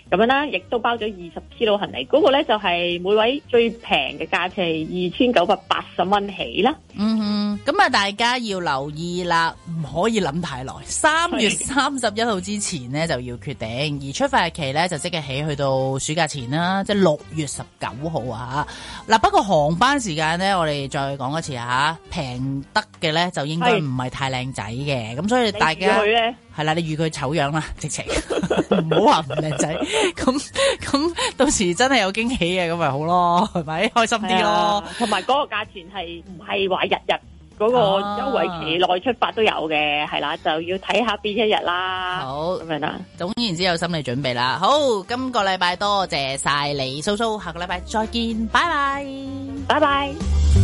咁樣啦，亦都包咗二十支路行李。嗰、那個呢就係、是、每位最平嘅價錢，係二千九百八十蚊起啦。嗯哼，咁啊，大家要留意啦，唔可以諗太耐。三月三十一號之前呢，是就要決定，而出發日期呢，就即刻起去到暑假前啦，即係六月十九號啊嗱、啊、不過航班時間呢，我哋再講一次嚇，平、啊、得嘅呢，就應該唔係太靚仔嘅，咁是所以大家。係啦，你預佢醜樣啦，直情唔 好話唔靚仔，咁咁到時真係有驚喜嘅，咁咪好咯，係咪？開心啲咯，同埋嗰個價錢係唔係話日日嗰、嗰個優惠期內出發都有嘅，係啦、啊啊，就要睇下邊一日啦。好咁樣啦，總然之有心理準備啦。好，今個禮拜多謝晒你，蘇蘇，下個禮拜再見，拜拜，拜拜。